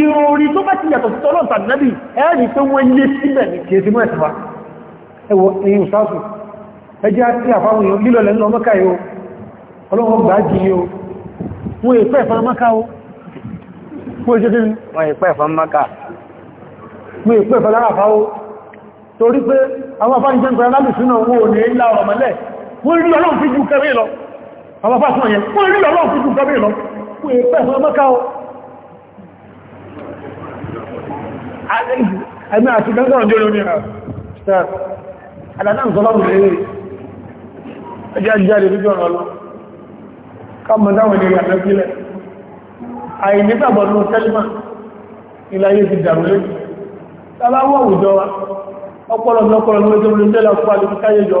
ìròrí tó bá ti yàtọ̀ tọ́lọ̀ tàbí ẹ̀rì tó wọ́n lé sílẹ̀ ní kèsí mọ́ ẹ̀sẹ̀wá ẹwọ ẹ̀yìn ìsáàsù ẹjẹ́ àti àfáwọn èèyàn lílọ lẹ́nu ọmọ́ká yóò ọlọ́wọ́ gbà á di yóò wọ́n èpẹ́ ìfẹ́ ọmọ́ká ó wọ́n èṣe kí wọ́n èpẹ́ ìfẹ́ ọmọ́ká wọ́n èpẹ́ ìfẹ́ lára àfáwó torí pé àwọn afáníjẹ́ ń pẹ̀lú alùsùn náà wọ́n ò ní ilá ọ̀rọ̀ mọ́lẹ̀ wọ́n rí ọlọ́run fi jù kẹrẹ lọ àwọn fásán yẹn wọ́n rí ọlọ́run fi jù kẹrẹ lọ wọ́n èpẹ́ fún ọmọ́ká ọ ẹ̀mí àti gẹ́gẹ́rùn jẹ́ lórí ẹ̀rọ aládánzọ́lọ́rùn lè ẹjẹ́ ajíjáde lójú ọ̀rọ̀ lọ káàmọ̀dáwọn ènìyàn lẹ́gbílẹ̀ àìnígbàbọ̀nù tẹ́lìmà ìlàyé ti dàrú lé tàbáwọ̀ òjò wa ọpọlọ̀lọpọlọ̀ lójú orí tẹ́lẹ̀ ọkọ̀ alùpùtáyé jọ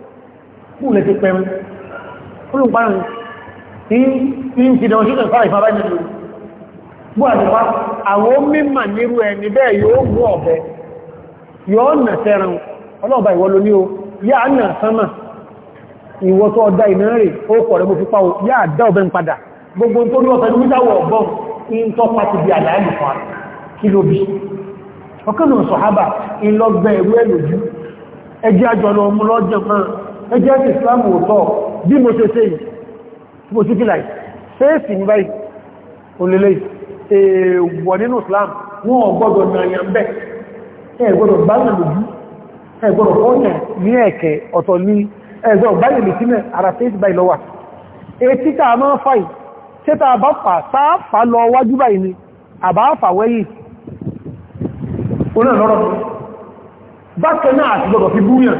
kúrò lẹ́tí pẹ̀rún olùgbàrún tí ń ti dán ṣíkẹ̀ fara ìfara ìlú bú àdìwá àwọn mímà nírú ẹni bẹ́ẹ̀ yóò mú ọ̀bẹ yóò nà sẹ́ran ọlọ́ọ̀bá ìwọ ní o yá nà sánmà ìwọ tó ọdá iná rẹ̀ ó pọ̀ rẹ̀ mo fi páwọ yá àdá ń padà gbogbo tó ní ọ̀fẹ́ ọ̀gbọ́n ẹjẹ́ ti islam òtọ́ bí mo ṣe ṣe yìí mo sí fílà ṣéèsì ní báyìí olèlè èèwọ̀ nínú islam wọ́n gbọ́dọ̀ nàyàn bẹ́ ẹgbọ́dọ̀ báyìí lójú ẹgbọ́dọ̀ fọ́nyà ní ẹ̀kẹ́ ọ̀tọ̀ ní ẹgbọ́dọ̀ báyìí lè tínẹ̀ ara ṣéèsì báyìí lọ́wà etí ta máa fàì ṣe ta bá fà sáàfà lọ wájú báyìí náà àti gbọ́dọ̀ fi búrìyàn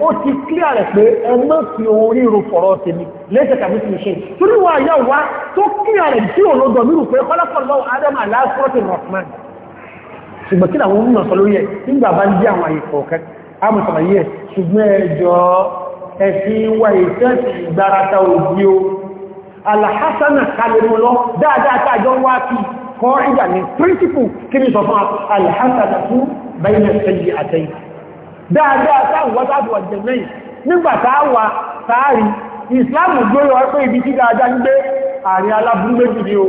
ó ti clear rẹ̀ pé ẹmọ́ fi ohun ríro fọ̀rọ̀ tèmi lẹ́sẹ̀ tàbí ti ṣe torí wà yá wá tó clear rẹ̀ tí ò lọ́dọ̀ mírù pé kọ́lápọ̀lọ́ adam aláàfọ́tì rahman ṣùgbọ́n kí làwọn mọ̀ sọ lórí ẹ̀ nígbà bá ń jẹ́ àwọn àyè kọ̀ọ̀kẹ́ amọ̀sọ̀rọ̀ yẹ ṣùgbọ́n ẹjọ́ ẹ̀sìn wà ìtẹ́sì ìgbárata òbí kọ́ ìgbà ní príncipù kí ni sọ fún alahasana fún bẹ́yìn ẹ̀sẹ̀ àtẹ́yìn dáadáa sáwọn sáàbù ọ̀jẹ̀ mẹ́yìn nígbà táàwà sáàrí ìsìláàmù gbóyọ ọpẹ́ ibi tí dáadáa ń gbé ààrin aláburú méjì ní o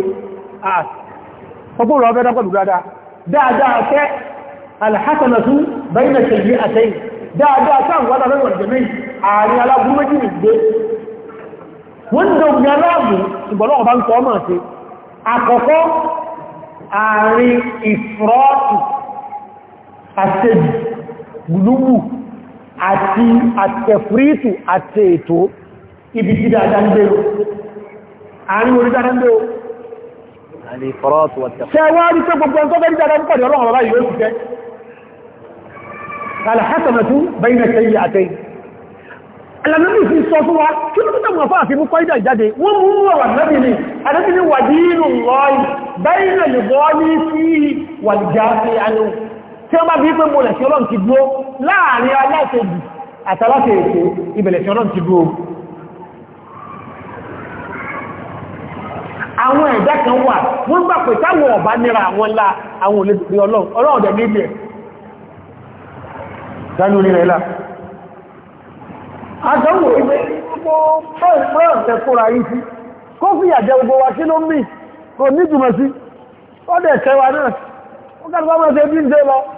ọgbọ́n ọ̀fẹ́ dápọ̀lù dáadáa dáadáa fẹ́ alhassanatu bẹ́yìnà ṣèyí àtẹ́yìn dáadáa sáàwọn sáàbù ọ̀jẹ̀ mẹ́yìn ààrin aláburú méjì ní gbé wọ́n ń dọ̀gbì aláàbù ìgbọ̀lọ́ ọba ń kọ́ àkọ́kọ́ ààrin ìfrọ́ọ̀tù àṣẹ́jì gùlúwù àti àtẹ̀fúrítù àti ètò ibi tí dáadáa ń gbé o àárín orí dáadáa ń gbé o ṣẹwárí tó gbogbo ọjọ́ bẹ́rí dáadáa ń pọ̀dẹ̀ ọlọ́run ọ̀rọ̀ yóò jẹ́ alhassanatu bayna sayyi àtẹ́ alamẹ́bí fi sọ fún wa kí ló tọ́tọ̀ mọ̀fá àfi mú kọ́ídà ìjáde wọ́n mú wà lẹ́bí ni adẹ́bí ni wà lọ́yìn bayna lè bọ́ ní sí wà anú tí wọ́n bá bí pé mo lẹ̀sí ọlọ́run ti dúó láàrin aláìsẹ̀dì àtàláṣẹ èkó ìbẹ̀lẹ̀sí ọlọ́run ti dúó àwọn ẹ̀dá kan wà wọ́n gbà pé táwọn ọ̀bá nira àwọn ńlá àwọn olèdè ọlọ́run ọlọ́run dẹ̀ níbi ẹ̀ dánú nílẹ̀ ilá àdánwò ìgbẹ́ gbogbo fẹ́ ọ̀tẹ̀ kóra yìí sí kó fìyà jẹ gbogbo wa kí ló ń mì kò ní jùmọ̀ sí ó dẹ̀ kẹwàá náà ó kàtàkì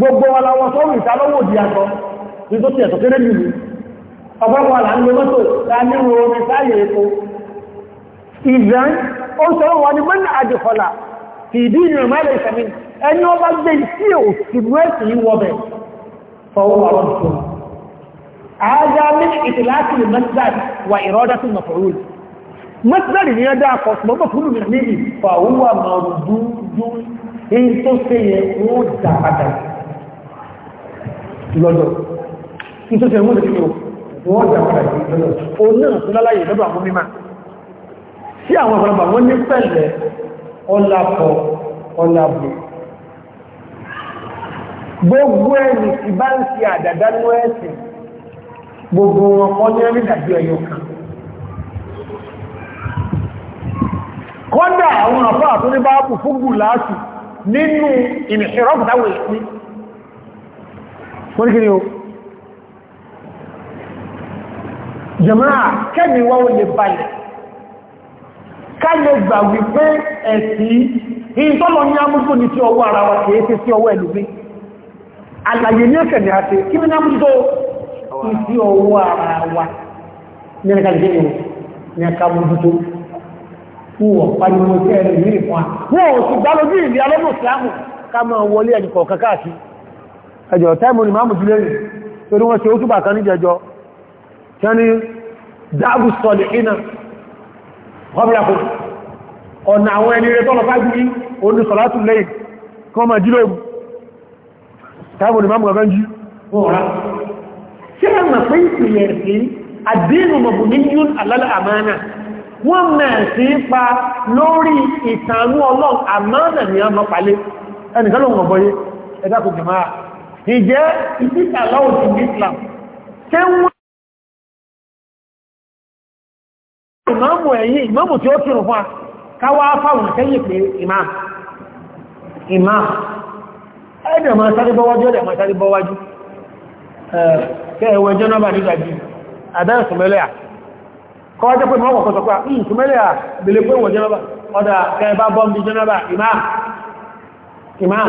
gbogbo ọlọ́wọ́ sọ́wọ́ ìtàlọ́wọ́ òdì àtọ́ ní tó ti ẹ̀tọ́ kéré nìlú ọgbọ́gbọ́ ń lo mọ́tò láàrin omi sáyẹ̀ epo ìzẹ́n ó sọ wọn ni mọ́nà àdìkọlà ti ìdí ìrìn mẹ́lẹ̀ ìsẹ̀mí ẹni lọ́dọ̀ nítorí ẹ̀wọ́n lè kíkọ́ wọ́n jà padà sí lọ́dọ̀ òun náà tó láláyè lọ́dọ̀ àwọn mímá sí àwọn ọ̀pọ̀lọpọ̀ wọ́n ní pẹ̀lẹ̀ ọlápọ̀ ọlábù gbogbo ẹni tí bá ń fi àdàdá ní ẹ̀sìn gbogbo wọn kọ́ ní nínú ìmìṣẹ́rọ́pù táwọn wọ́n ní kí ni o jẹ̀máà kẹ́mi wá ó lè balẹ̀ ká lè gbà wípé ẹ̀sí ìtọ́lọ ní amúgbò ní tí ọwọ́ ara wa kìí ṣe sí ọwọ́ ẹlùmí àlàyé ní ẹ̀kẹ̀ ní àti kí ní amúgbò sí ọwọ́ ara wa ní ẹ̀kà jẹ́ ìwọ̀n ní ẹ̀kà amúgbò wọ́n pàdínwó sí ẹ̀rẹ̀ ìrìn fún wa wọ́n ò sì gbá lójú ìlú alọ́nà ìsìlámù ẹjọ̀ tẹ́mù ni máàmù jílé rìn torí wọ́n ṣe ó túbà kan ní jẹjọ tẹ́ ní dáàbù sọ̀lẹ̀ iná ọbílàkù ọ̀nà àwọn ẹni rẹ̀ tọ́lọ fájúrí oní sọ̀látù lẹ́yìn wọ́n sí pa lórí ìtànú ni a mọ́ palé ẹnìkan lóòrùn ọ̀bọ̀yé ìjẹ́ ìsìkà láwùjọ Islam ṣe wọ́n ìmáàmù ẹ̀yìn ìmáàmù tí ó kírùn fún a káwà fáwọn sẹ́yìn pé ìmáàmù ìmáàmù ẹ̀dẹ̀ máa sáré bọ́wájú ẹ̀dẹ̀ máa sáré bọ́wájú ẹ̀ẹ̀wẹ̀ jẹ́ náà bà nígbà jí àdáyẹ̀ sùmẹ́lẹ̀ kọ́wàá jẹ́ pé mọ́ ọkọ̀ sọ pé ààrùn bèèrè pé ìwọ̀n jẹ́ náà ọdá kẹ́ẹ̀bá bọ́m̀bí jẹ́ náà bà ìmáàmù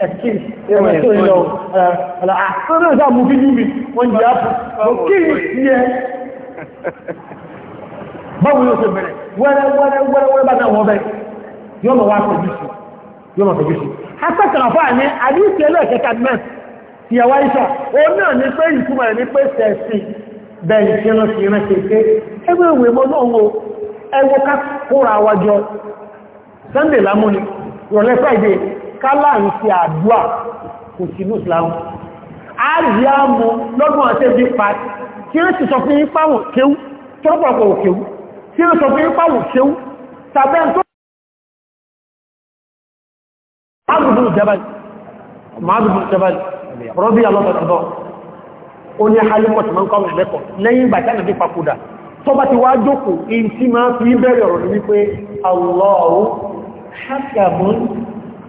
excuse ẹgbẹ́ tó ń lọ àtọ́rọ̀ ìdá mú bí yúmi wọ́n jẹ́ àpù kí ní sí ẹ báwo yóò ṣe bẹ̀rẹ̀ wẹ́rẹ́wẹ́rẹ́wẹ́rẹ́ bá náà wọ́n bẹ̀rẹ̀ yóò mọ̀ wá pẹ̀lú sí yóò mọ̀ pẹ̀lú sí akẹ́kọ̀ọ́ fà ní àdíṣẹ́ ẹlẹ́ẹ̀kẹ́ta mẹ́ ti ẹwà iṣà ó náà ní pé ìtumọ̀ rẹ̀ ní pé sẹ̀sì bẹ̀rẹ̀ sí ẹran sí ẹran kéèké ẹgbẹ́ ìwé mọ́ náà wo ẹwọ́ ká kóra wájọ Sunday lámúni rọ̀lẹ́ Friday kálà ń fi àdúà kò sí ní islam ààrí àmọ́ lọ́gbọ̀n àti ẹbí pàtí tí ó sì sọ fún ipáwò kéwú tọ́pọ̀pọ̀ òkéwú tí ó sọ fún ipáwò kéwú tàbẹ́ tó máàbùbù jabal rọ́bí alọ́pọ̀tọ̀ ó ní halimọ̀ tí máa ń kọ́ ẹ̀lẹ́kọ̀ lẹ́yìn ìgbà tánà bí papòdà tó bá ti wá jókòó in tí máa fi bẹ̀rẹ̀ ọ̀rọ̀ ní wípé Allahu hakamun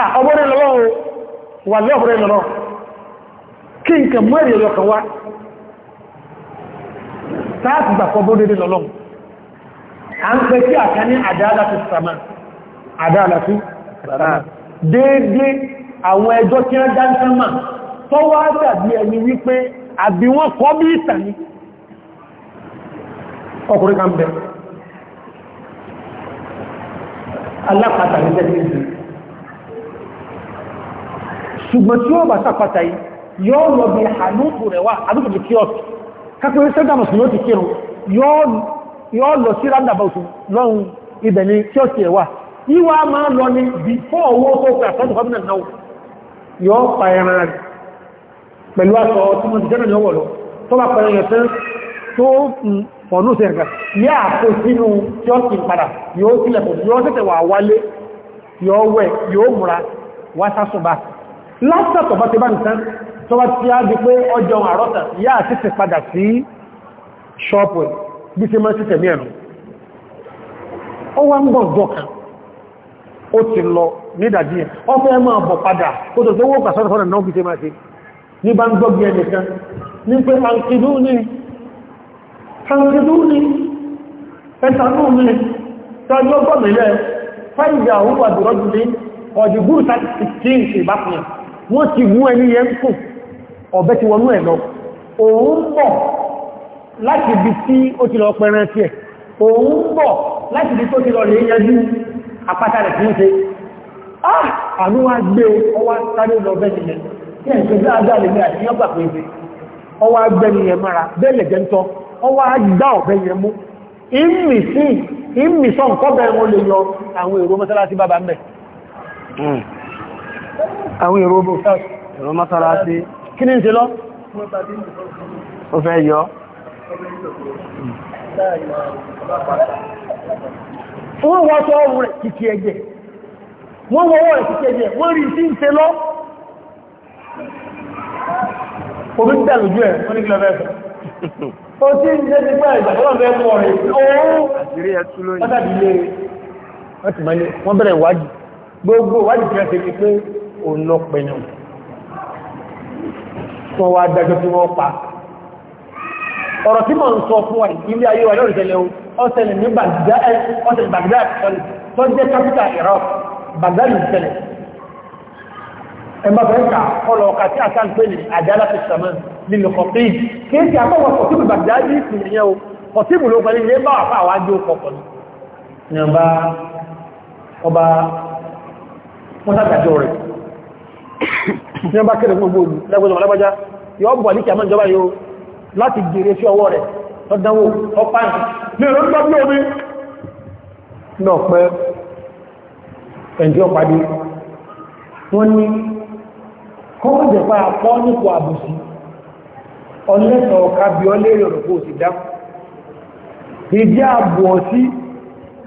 Ah, ọbọ̀rẹ̀ lọ́wọ́ wà lọ́bọ̀rẹ̀ lọ́wọ́ kí n kẹ mọ́ èrè ọkọ̀ wá táàkì gbà fọ́ bọ́dẹ̀ lọ́lọ́ a ń pẹ́ kí àkà ní àdáàlàtí sàmà àdáàlàtí sàmà déédé àwọn ẹjọ́ kí wọ́n dá sàmà tó wá dàbí ẹni wípé àbí wọ́n kọ́ bí ṣùgbọ́n tí ó bá sàpàtà yìí yóò lọ bí hànúkù rẹ̀ sí yóò lọ́run ibẹ̀ ni kíọ́t rẹ̀ wà ìwà máa lọ ní bí fọ́ owó tó pẹ̀ àtọ́jú gómìnà náà yóò pa ẹran rẹ̀ pẹ̀lú aṣọ tí wọ́n ti jẹ́nà lọ́wọ́ lọ tó bá pẹ̀lú ẹ̀ tán tó mm, fọ̀nú sí ẹ̀gà yá àpò sínú kíọ́tì padà yóò sílẹ̀ pọ̀ yóò tẹ̀tẹ̀ wà lásàtọ̀ bá ti bá nìkan tó bá ti pé ọjọ́ àrọ́ta yá àti ti padà sí ṣọ́pù bí ti máa títẹ̀ ní ẹ̀nù ó wá ń bọ̀ ó ti lọ nídàjí ẹ̀ ọ fẹ́ máa bọ̀ padà ó tó wó pàṣọ́rọ̀ fọ́nà náà bí ti máa ti ní bá ń gbọ́gbí ẹnìkan wọ́n ti mú ẹni yẹn kù ọ̀bẹ ti wọnú ẹ̀ lọ òun bọ̀ láti ibi tí ó ti lọ pẹran tí ẹ̀ òun bọ̀ láti ibi tó ti lọ lè yanjú àpáta rẹ̀ fún ṣe àánú wá gbé ọwá sáré ìmìsí ìmìsọ̀ nǹkan bẹ̀rẹ̀ wọn lè yọ àwọn èrò mọ́sálásí bàbá àwọn èrò bó èrò mọ́sálásí kí ní ṣe lọ ó fẹ́ yọ wọ́n wọ́n tó ọrùn rẹ̀ kìkì ẹgbẹ̀ wọ́n wọ́n wọ́n rẹ̀ kìkì ẹgbẹ̀ wọ́n rí sí ń ṣe lọ omi tẹ̀ lójú ẹ̀ wọ́n ní kí lọ bẹ́ẹ̀ ó tí ń jẹ́ ti pẹ́ ìgbàgbọ́n mọ́ rẹ̀ oó àṣírí ẹ̀ tú lóyìn wọ́n bẹ̀rẹ̀ ìwádìí gbogbo ìwádìí olópinnu wọ́n wá dájọ́ tí wọ́n pa ọ̀rọ̀ tí mọ̀ ń sọ fún ilé ayé wa lórí tẹ́lẹ̀ ọ́sẹ̀lẹ̀ ní Baghdad tó jẹ́ kápítà Iraq Baghdad tẹ́lẹ̀ ẹgbà fẹ́ǹkà ọlọ́ọ̀ká tí a sáà pé ní àjálá fi sàmán nílùú kọ̀pí kí tí a kọ́ wọ́n kọ̀tíbù Baghdad ìpìnlẹ̀ o kọ̀tíbù ló pẹ̀lú ilé bá wà fà rẹ̀ ní ọba kẹrẹ gbogbo olù lẹ́gbẹ̀ẹ́ ọ̀lẹ́gbẹ̀já yọ bọ̀ ní kẹmọ́ ìjọba yóò láti gèrè sí ọwọ́ rẹ̀ ọdánwò ọpáyìn ní ìrọ́gbọ́ bí omi náà pẹ́ ẹ̀ndí ọpàdé wọ́n ní kọ́mọ̀jẹ̀pá pọ́ nípò àbùsí ọlẹ́sọ̀ ọ̀ká bí ọlẹ́rẹ̀ òrùkú òsì dá ìdí àbù ọ̀sí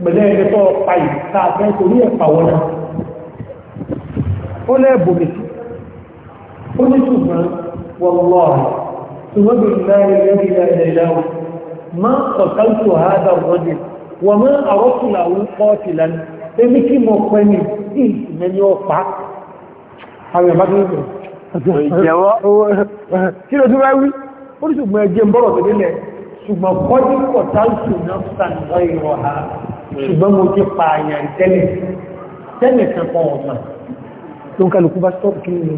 pẹ̀lẹ́ ẹgbẹ́ tó ọpa yìí tààfẹ́ torí ẹ̀pàwọ́n ó lẹ́bùnmí sí ó ní ṣùgbọ́n wọ́lọ́ ṣùgbọ́n bí láàrin lẹ́bí láàrin ìlàwó ma ọ̀tọ́tù àádọ́ rọ́dì wọ́n mọ́ àwọ́kùnláwó pọ́ọ̀tì lánàá èmi kí mo pẹ́ ní ìsinmi ọ̀pá àwọn ìbádọ́rọ̀ ìjẹ́wọ́ kí ló dúró wí ó ní ṣùgbọ́n ẹjẹ́ bọ́rọ̀ tẹ́lẹ̀ lẹ̀ ṣùgbọ́n kọ́jú pọ̀tálùsù náà sàǹdọ́ ìrọ̀ ha ṣùgbọ́n mo ti pa àyàn tẹ́lẹ̀ tẹ́lẹ̀ kan pọ̀ ọ̀mà tó ń kálukú bá stọ́ọ̀kì nínú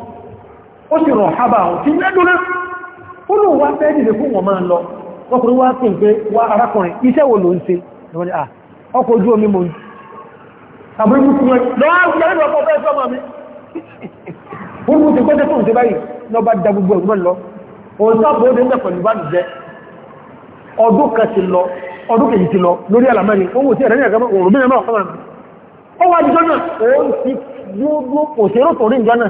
ó sì rọ̀ hábà ọ̀ tí mẹ́dúnlẹ́ ó lò wá fẹ́ dìde fún wọn máa lọ ọkùnrin wá sí pé wá arákùnrin iṣẹ́ wo ló ń ṣe ah, ọkọ̀ ojú omi mọ̀ ní àbúrúkú ọdún kejì ti lọ lórí àlàmẹ́rin ohun tí ẹ̀rẹ́ni ẹ̀gbọ́n òun mìíràn náà fọ́nà ó wá jíjọ́ náà ó sì gbogbo òṣèrò tó rí ìjọ náà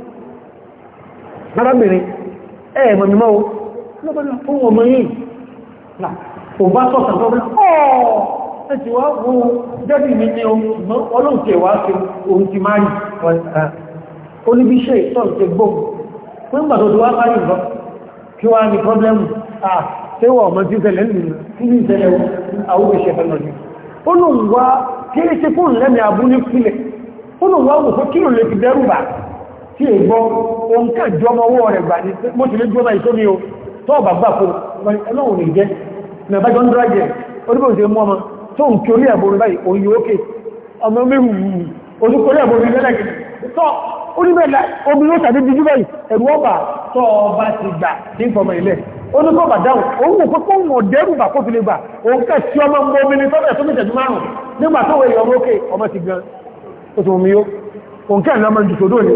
arábìnrin ẹ̀ẹ̀mọ̀ mímọ́ o lọ́bọ̀lá fún ọmọ yìí là kò bá sọ́sàn tó bọ́lá ọ̀ọ̀ ẹ̀tì wá wo jẹ́bì mi ní ọlọ́ǹkẹ̀ wá sí ohun ti máa yìí oníbíṣẹ́ ìtọ́ǹkẹ̀ gbogbo wọ́n gbà tó tó wá parí nǹkan kí wá ní pọ́blẹ́mù àtẹ́wọ̀ ọmọ tí ìṣẹ̀lẹ̀ nìyàn kí ní ìṣẹ̀lẹ̀ àwọn ìṣẹ̀ fẹ́ lọ́jọ́ tí è gbọ́ ohun kẹjọ ọmọ owó rẹ̀ gbà ní mo ti lè jọ ọmọ ìṣó mi o tó ọba gbà fún ẹlọ́run lè jẹ́ ní ọbájọ́ ń dúrà jẹ orílẹ̀-èdè mú ọmọ tó ń kí orí ẹ̀bọ̀rún báyìí òun yóò ké ọmọ mẹ́rù olúkọrí ẹ̀bọ̀rún lẹ́lẹ́gẹ̀ẹ́ tó oníbẹ̀lẹ̀ omi ló tàbí díjú báyìí ẹ̀rù ọba tó ọba ti gbà ní ìfọmọ ilẹ̀ olùkọ́bà dáhùn òun wò pípọ́ òun ọ̀dẹ́rù bà kó fi lè bà òun kẹ́ sí ọmọ mọ́ omi ní tọ́bẹ̀ tó mẹ́tẹ̀ẹ́dún márùn-ún nígbà tó wẹ̀ yọ ọmọ òkè ọmọ ti gan oṣù omi yó ni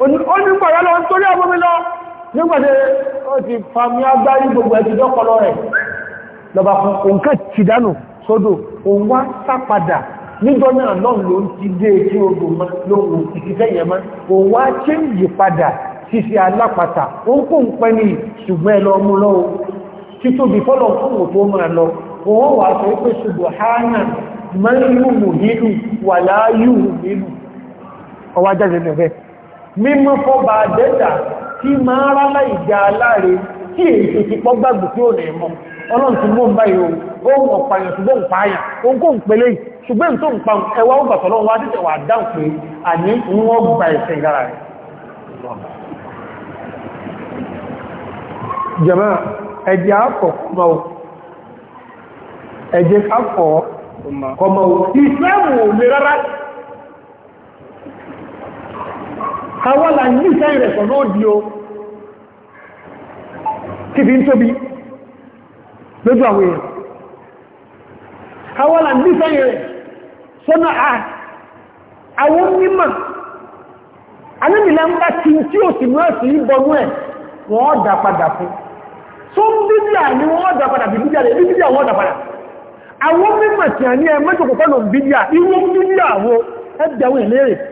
ó ní pọ̀rọ̀ lọ torí ọmọ mi lọ nígbàtí ó ti fàmí agbárí gbogbo ẹ̀tì dọ́kọlọ rẹ̀ lọba fún òǹkà ti dánù sódò òun wá sápadà níjọ́ náà náà ló ń ti dé tí odò mọ́ lóhun ìsìnkẹ́ yẹn mọ́ òun wá chéǹjì padà síse alápàtà ó ń kó ń pẹ́ ní ṣùgbọ́n ẹlọ lọ́wọ́ títóbi fọ́lọ̀ fún òtó máa lọ òun wà mímọ́ fọ́bà àdẹ́ta tí máa rálá ìjà aláre tí èyí ti pọ́ gbàgbù tí ó rẹ̀ mọ́ ọlọ́run ti mọ́ báyìí ohun ọ̀pàyàn ṣùgbọ́n pààyàn ohun ń pẹ̀lẹ̀ ṣùgbọ́n tó ń àwa là ní ìfẹ́ náà di o kí fi ń tóbi lójú àwọn èèyàn àwa là ní ìfẹ́ ìrẹ̀ sọ́nà àwọn mímọ̀ alẹ́mìlá ń bá ti tí ò sì mọ́ sí ìbọnú ẹ̀ wọ́n dà padà fún tó ń bídíà ní wọ́n dà padà bí wọ́n dà padà àwọn mímọ̀ tí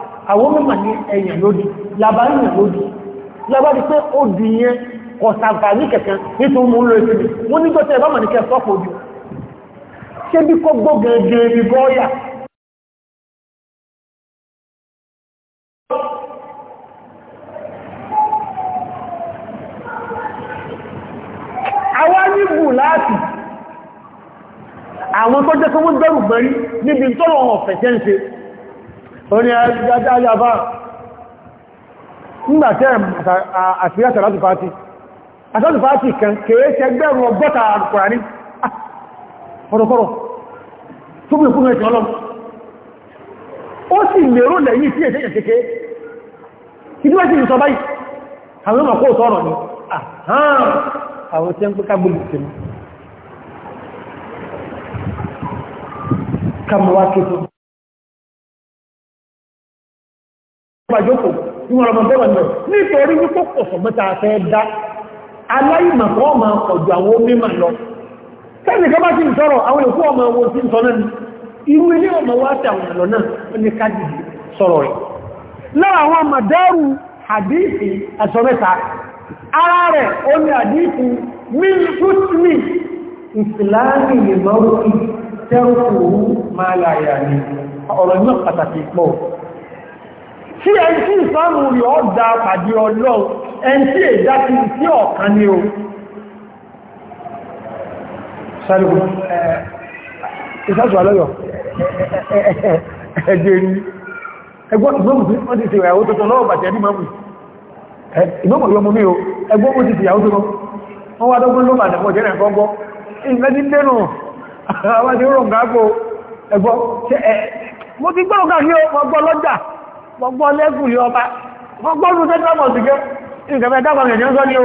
àwọn mímọ̀ ní ẹ̀yàn lódì labaríyàn lódì labari pé ó di yẹn kọ̀sàǹfà ní kẹ̀kẹ́ nítorí mú lọ ìsinmi wọ́n ní gbọ́tẹ̀ ẹ̀bá màní kẹ́ sọ́pọ̀ ojú ṣé bí kọ́ gbọ́ gẹ̀ẹ́gẹ̀ ní bọ́ọ̀yà àwọn níbù láti àwọn tó jẹ́ fún mú dẹ́rù gbẹ̀rí níbi tọ́lọ̀ ọ̀fẹ̀ jẹ́ ń ṣe oní ajájáfà nígbàtí àfíyà sàlátù fàátì àsàlátù fàátì kan kèé ṣẹgbẹ̀rún ọgọ́ta àkùrání ah, ọ̀rọ̀kọ́rọ̀ tó bí fún ẹ̀sìn ọlọ́m ó sì lérò lẹ́yìn sí ẹ̀sẹ̀ kèké ìdíwẹ́ sí ìsọ báyìí àwọn ọmọ kóòtọ́ ọ̀rọ̀ ni àwọn tí ó ń pẹ́ kágbùlù sí mi kàmùwá kéfù pàjókò ìwọ̀n ọmọdọ́wọ̀ náà nítorí wípé pọ̀sọ̀ mẹ́ta fẹ́ dá aláìmọ̀kọ́ ọmọ ọ̀dọ̀ àwọn onímọ̀ lọ tẹ́lẹ̀ gọ́bá ti ń sọ́rọ̀ àwọn èkó ọmọ owó tí ń sọ náà irú ilé ọmọ wá sí àwọn ẹ̀lọ náà ó ní kájìdì sọ̀rọ̀ rẹ̀ lára àwọn màdárù hadithi ẹ̀sọ mẹ́ta ara rẹ̀ ó ní hadithi min husni ìsìláàmì ìmọ̀rún tẹ́rù máa láyà ní ọ̀rọ̀ náà tí ẹni tí ìsìláàmù rẹ̀ ọ́ da pàdé ọlọ́run ẹni tí èdá ti sí ọ̀kan ni o sálùkù ìsáàtù alọ́yọ̀ ẹgbẹ́ rí ẹgbọ́n ìgbọ́mù tí wọ́n ti ṣe ìyàwó tuntun lọ́wọ́ bàtẹ̀ ẹbí mọ́mù ìgbọ́mù yọmọ mi o ẹgbọ́n ó ti ṣe ìyàwó tuntun wọ́n wá dọ́gbọ́n ló bàtẹ̀ fọ́ jẹ́ nà gbọ́gbọ́ ìgbẹ́ni dẹ́nu àwọn ti rọ̀ gágbó ẹgbọ́n mo ti gbọ́rọ̀ gágbó ọgbọ́ lọ́jà gbogbo lẹ́gùn lé ọba gbọ́gbọ́rún tẹ́tọ́ mọ̀ sí gẹ́ rẹ̀ jẹ́ ní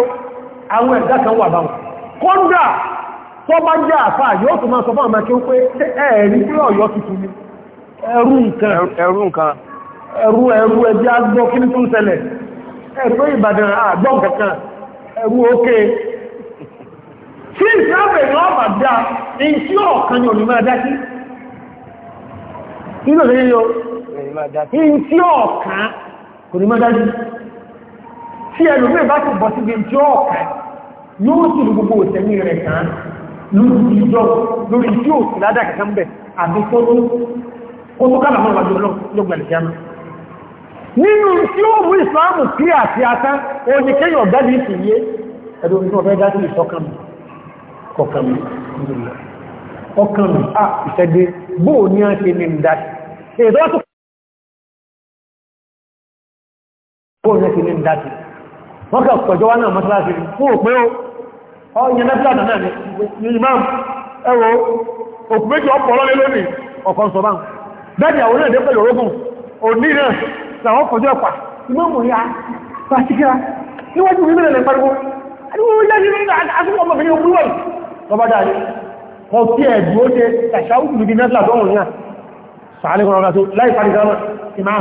àwọn ẹ̀dá kan wà báwọn tó bá jẹ́ yóò tó máa kí ó pé pé ọ̀yọ́ tuntun ni nǹkan agbọ́ kí ní tó ń ìbàdàn àgbọ́ kankan tí máa dá sí ní tí ọ̀kan kò ní máa dájú tí ẹlòmí bá ti bọ̀ síbi tí ọ̀kan yóò sì rí gbogbo òsẹ̀mí rẹ̀ kan lórí ìjọ lórí tí ò sí ládà kankan bẹ̀ àbí tó tó kó tó kábà mọ́wàá jọ lọ́gbẹ̀lẹ̀ kíámà nínú tí ó mú ìsìláàmù kí àti asán òní kéyàn gbẹ́lì ìsìnyé ẹ̀dùn tí wọ́n fẹ́ dá sí ìsọ́kàn mi kọ̀kan mi ọkàn mi a ah, ìṣẹ́gbé bóò ní a ṣe ní ìdáṣì èdè wọ́n fóònù ẹ̀sìn ní ìdájì wọ́n kà pẹ̀jọ́ wá náà mọ́sálásí rí fún òpin ó ọ̀yẹn lẹ́fílànà náà ni imam ẹwọ òkú méjì ọ̀pọ̀ ọlọ́lẹ́ lónìí ọ̀kan sọ báhùn bẹ́ẹ̀ni àwọn orílẹ̀-èdè pẹ̀lú orógùn òní náà làwọn kọjọ́ ọ̀pá imamu ya pàtíkà níwájú mímẹ́rẹ̀ lè pariwo adúgbò lẹ́yìn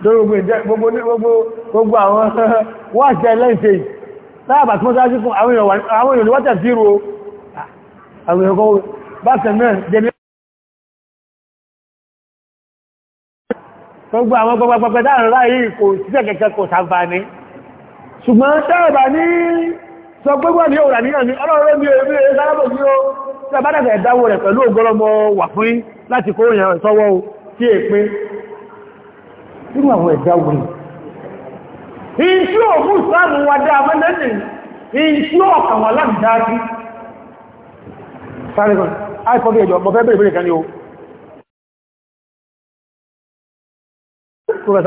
gbogbo àwọn wáṣẹ ni gbogbo gbogbogbogbo dáàrùn láyé kò síṣẹ́ kẹ̀kẹ́ kò sàǹfààní ṣùgbọ́n tẹ́ẹ̀bà ní sọ gbogbo ní òwúrà níyàn ní ọlọ́rọ̀ mi ní ó nínú àwọn ẹ̀dá wòye ìṣú òkú sáàmù wa dá amẹ́lẹ́nì ìṣú ọ̀kàn láàrídájú sáré kan àìkọ́ bí ẹjọ́ bọ̀fẹ́ bèèrè kan ní o tó rẹ̀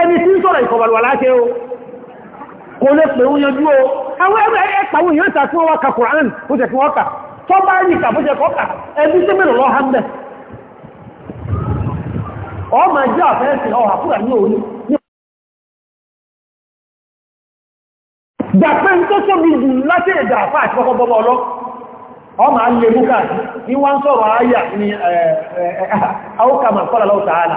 ẹni tí sọ̀rọ̀ ìkọ̀bàlùwà láti o kò lè pè ń yanjú o àwọn ẹgbẹ́ ẹ̀pàwò ọmọ ẹjọ́ àfẹ́ẹ̀sì ọ̀hà fúra ní orí gbàpẹ́ tó tóbi jù láti ẹ̀dà àfá àti ọkọ̀ bọ́bọ́ ọlọ́ ọmọ alẹ́ múkà ní wọ́n sọ̀rọ̀ ayà ní àwọ́kàmà kọ́lá lọ́ta ààlà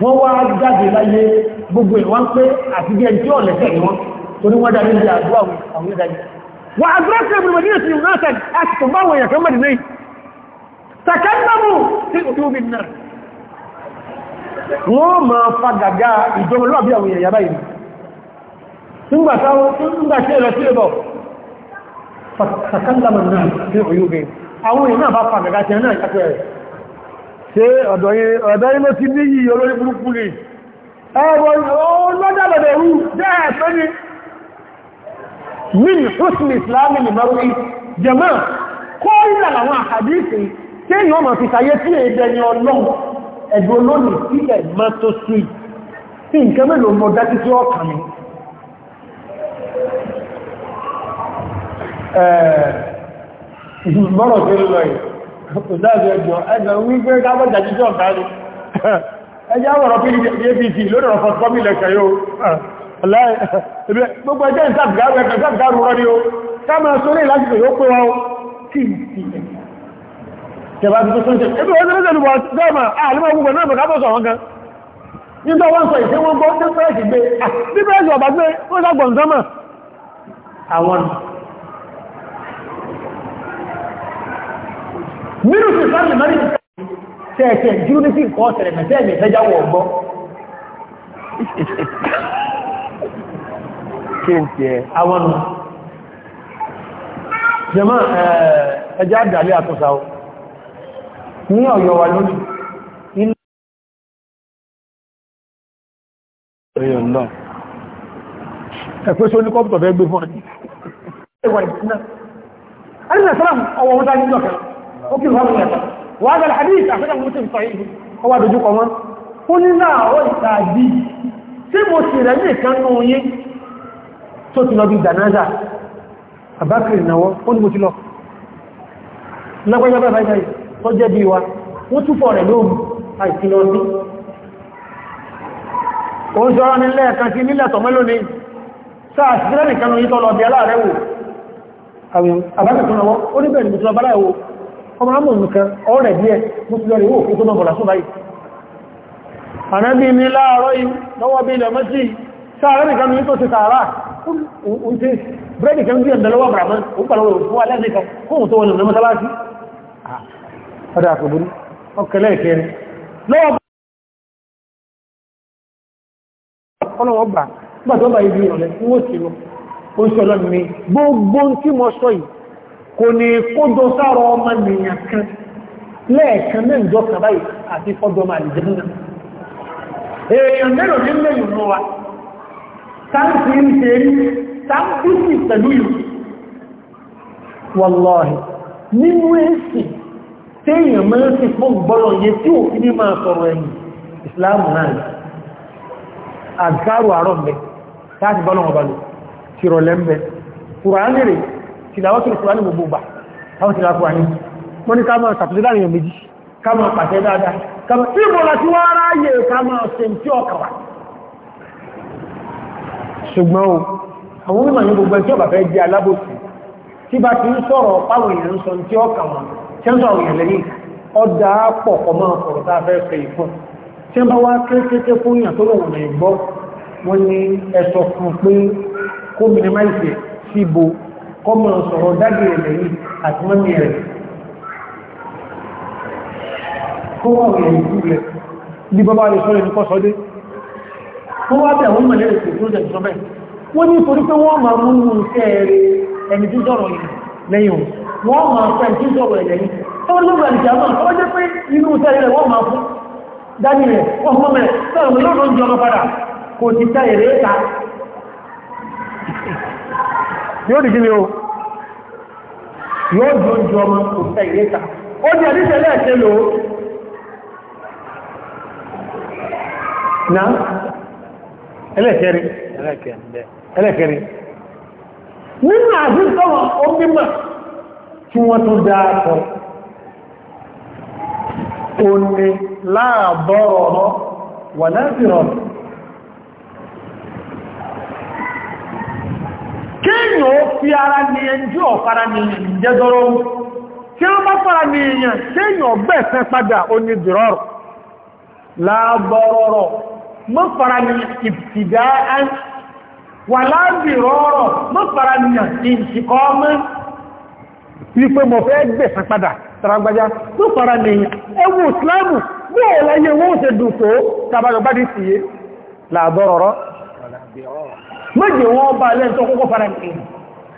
wọ́n wá jáde láyé gbogbo ìwọ́n pé àti bí ẹni tí ó lẹ́sẹ̀ ni wọ́n tó ní wọ́n darí ilé àdúrà àwọn ìdájí wà àgbẹ́sẹ̀ ìbìmọ̀dínà sí ìrìnàṣẹ́ àti tó bá wọ̀nyà kan mẹ́rin lẹ́yìn takannamu sí òtí omi náà wọ́n máa fa gàgá ìjọba lọ́bí àwọn èèyàn yàbá ìlú nígbàtí ẹ̀rọ sí ẹbọ̀ takannamu náà sí òyúgbé àwọn èèyàn náà bá fa gàgá ti náà ìtàkùn ẹ̀rẹ̀ ṣe ọ̀dọ̀ yìí ló ti ní yìí olórí burúkú ni ẹwọ lọ́dọ̀lọ́dọ̀ rú bẹ́ẹ̀ pẹ́ ni min husn islami ni maruri jama kó ìlà àwọn àhàdìsì tí èyàn ma fi sayé tí èdè ni ọlọ́run ẹ̀dù olóòrùn sí ẹ̀mà tó sí tí nǹkan mélòó mọ́ dájú tí ó kà mí ẹ̀ẹ̀ ìgbìmọ̀rọ̀ tí ó lọ yìí kò dáàbẹ̀ ẹgbọ̀n ẹgbẹ̀ wípé kábọ̀jà jíjọ́ ọ̀gá ni ẹjá wọ̀rọ̀ pdp lórí ọ̀fọ̀ kọ́mí lẹ́kẹ̀ yóò gbogbo ẹjẹ́ ìsàbìgárù rọ́ ni ó káàmà sórí lásìkò yóò pé wọn tí tí tẹ̀bá tó tó ń tẹ̀ ẹgbẹ̀ wọ́n tẹ́lẹ̀ lùwọ̀ dọ́ọ̀mà àlúmọ̀ gbogbo náà bọ̀ kábọ̀ sọ̀wọ́n kan nígbà wọ́n sọ ìṣẹ́ wọn gbọ́ tẹ́fẹ́ẹ̀sì gbé ah, mírù sí sáàmì mẹ́rí tẹ́ẹ̀kẹ́ jíru ní sí nǹkan ọ̀sẹ̀rẹ̀ mẹ́tẹ́ẹ̀mẹ́ ìfẹ́jáwọ̀ ọgbọ́ àwọn jẹmọ́ ẹjá àdàlẹ́ àtúnṣà ní ọ̀yọ́ wa lónìí ẹ̀yọ̀ náà ẹ̀pẹ́ sí oníkọ́pùtọ̀ fẹ́ gbé fún ọdí ẹwà ìsinmi ó kí lọ́rùn yàtọ̀ wà á hadith àfihàn muslim sọ yìí ó wà dojú kọ wọn ó ní náà ó ìtàdí tí mo sì rẹ̀ nìkan nú yín tó ti lọ bí janaza àbákìrì náwó ó ní mo ti lọ lọ́gbẹ́gbẹ́ báyìí báyìí tó jẹ́ bí wa wọ́n túfọ̀ rẹ̀ lóòmù àìsí lọ sí ó ń sọ́rọ̀ nílẹ̀ ẹ̀kan sí nílẹ̀ tọ̀mẹ́lò ní sáà sílẹ̀ nìkan ní tọ́lọ̀ bí aláàrẹ̀wò àbákìrì náwó ó níbẹ̀ ọmọ amọ̀ nìkan ọ̀rẹ̀ díẹ̀ mùsùlùmí wò fún ọmọ bọ̀lá súnbáyì ànábí ní láàárọ̀ yìí lọ́wọ́ bí ilẹ̀ mọ́sí sáàrẹ́ nìkan ní tó ti sàárà ń brahman ó pàlọ́wọ́ fún alẹ́nìkan fún tó wọn lọ́mọ́ sábáàkì ọdá àkùbùrú ọkẹlẹ́ ìkẹrin lọ́wọ́ ọlọ́wọ́ gbà gbà tó bá ibi ìrọ̀lẹ́ fún ó sì lọ kò ní kójọ sára ọmọ nìyàn kan lẹ́ẹ̀kan náà jọ kàbáyì àti fọ́jọ máa lè jẹ́mú náà èèyàn mẹ́rọ̀ ní mẹ́yìn mọ́ wa sáàkì ń ṣe rí sáàkì sí pẹ̀lú ìlú wọ́lọ́ọ̀hì nínú èsì téèyàn mẹ́rin sí fún gbọ́rọ̀ yẹ tí ò fi ní máa sọ̀rọ̀ ẹ̀yìn ìsìláàmù náà àgbárò tìlàwọ́tò ìkùránì gbogbo bà táwọn ti lápò àní wọ́n ní ká máa ṣàtúnṣe láàrin èèyàn méjì ká máa pàṣẹ dáadáa ká máa tí ìbò láti wá ráyè ká máa ṣe tí ọkà wà ṣùgbọ́n o àwọn onímọ̀ ní gbogbo ẹjọ́ bàbá jẹ́ alábòsí tí bá ti ń sọ̀rọ̀ páwọn èèyàn sọ tí ọkà wọn tí ń sọ àwọn èèyàn lẹ́yìn ọdá pọ̀ pọ̀ máa a fẹ́ fẹ́ ìfún tí ń bá wá kéékéé fún èèyàn tó lòun kó minimize sí kọ́mọ̀ sọ̀rọ̀ dábì ẹ̀lẹ̀ yìí àti mọ́mí rẹ̀ kó wà wọ̀nyẹ̀ ìlú rẹ̀ bí bọ́bá rẹ̀ sọ́rọ̀ ní kọ́sọ́dé kó wá bẹ̀ àwọn mọ̀lẹ́ rẹ̀ tó jẹ́ ìjọba wọ́n ní torí pé wọ́n máa mú mú iṣẹ́ rẹ̀ ẹni tí sọ̀rọ̀ lẹ́yìn wọ́n máa fẹ́ tí sọ̀rọ̀ ẹ̀lẹ̀ yìí tọ́wọ́n ló gbà nìjà náà tọ́wọ́ yóò dìgbì ni o yóò dùn ju ọmọ kò fẹ́ ìrẹ́ta ó di àdíṣẹ́ lẹ́ẹ̀kẹ́ lò ó na ẹlẹ́kẹ́rin ẹlẹ́kẹ́rin nínú àdúgbọ́wọ̀ omímọ̀ tí wọ́n tún dá akọ òní láàbọ̀rọ̀ wà láti rọrùn fi ara ní ẹjú ọ̀fara ní ìjẹ́dọ́rọ̀ tí wọ́n bá fara n'i èèyàn tí èèyàn gbẹ̀ẹ̀fẹ́ padà ó ní dìrọ́rọ̀ láàbọ̀rọ̀rọ̀ mọ́ fara ní ìfìdá wà láàbìrọ̀rọ̀ mọ́ fara ní ìṣìkọ́ mọ́ wípé mọ̀ fẹ́ padà fara n'i ẹwù ìsìláàmù bóò bá lẹ́ntọ́ kókó fara ní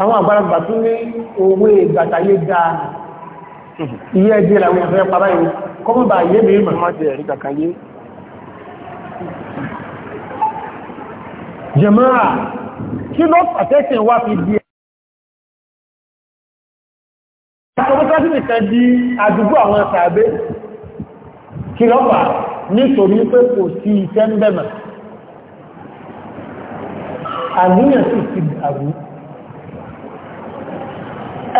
àwọn àgbàlagbà tún ní owó ìgbàtàyé dáa iye ẹgbẹ́ làwọn ìfẹ́ pàbá ìwò kọmọ̀bà ayé mi mọ̀ má jẹ́ ẹ̀rí kàkà yé jẹ̀mọ́ra kí ló pàtẹ́sẹ̀ wá fi di nítorí pé kò sí ìtẹ́ ń bẹ̀mẹ̀ àníyàn sí ti àrùn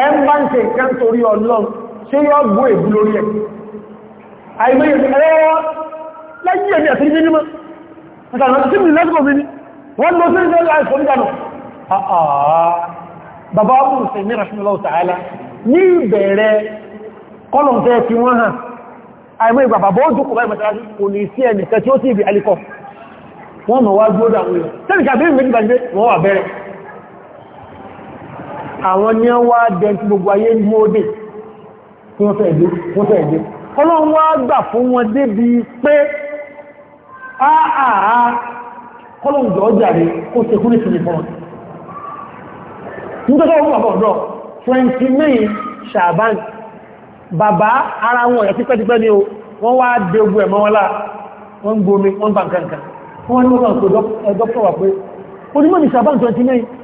ẹ ń bá ń ṣe nǹkan torí ọlọ́run ṣe yọ gbó èbú lórí ẹ̀ àìmọ́ ẹ̀rọ lẹ́yìn ẹ̀mí àti mímọ́ ìtànà tí mi lẹ́sùkò mi ní wọ́n lọ sí ilé láìsọ nígbànà bàbá ọmọrùsẹ̀ ní raṣínlọ́wọ́ tààlá ní ìbẹ̀rẹ̀ kọlọ̀ntẹ́ ti wọ́n hàn àìmọ́ ìgbàbà bọ́ jùkú láì mẹ́tàlá kò ní sí ẹnìkẹ́ tí ó sì ibi alikọ wọ́n mọ̀ wá gbódà wọ́n àwọn ní wá dẹn tí gbogbo ayé mọ́dé tí wọ́n fẹ́ dé wọ́n fẹ́ dé ọlọ́run wá gbà fún wọn débi pé àà kọlọ̀n jọ jàre kó se kú sí nìkan nítorí ara wọn ẹ̀ pípẹ́tipẹ́ ni o wọ́n wá dé ogun ẹ̀mọ́ wọn láà wọ́n gbomi wọ́n bá nǹkan kan wọ́n ní wọ́n kàn tó wà pé onímọ̀ ní ṣàbán 29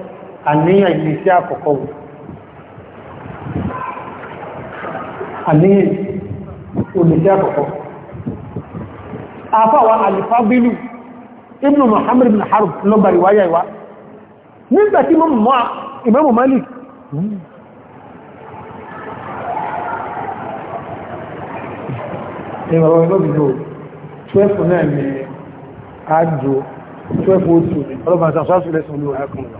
àníyàn ilé sí àkọ́kọ́ àníyàn olè sí àkọ́kọ́ afáwa alifábílù ibn muhammad ibn harb ló bari wáyà ìwá nígbàtí mọ́ mọ́ ìmọ́mù malik ìwọ̀n olóbìnrin 12 náà ni àjò 12 oṣù ọlọ́bàá sàṣọ́sílẹ̀ sọ́lú ọ̀rẹ́kùnrin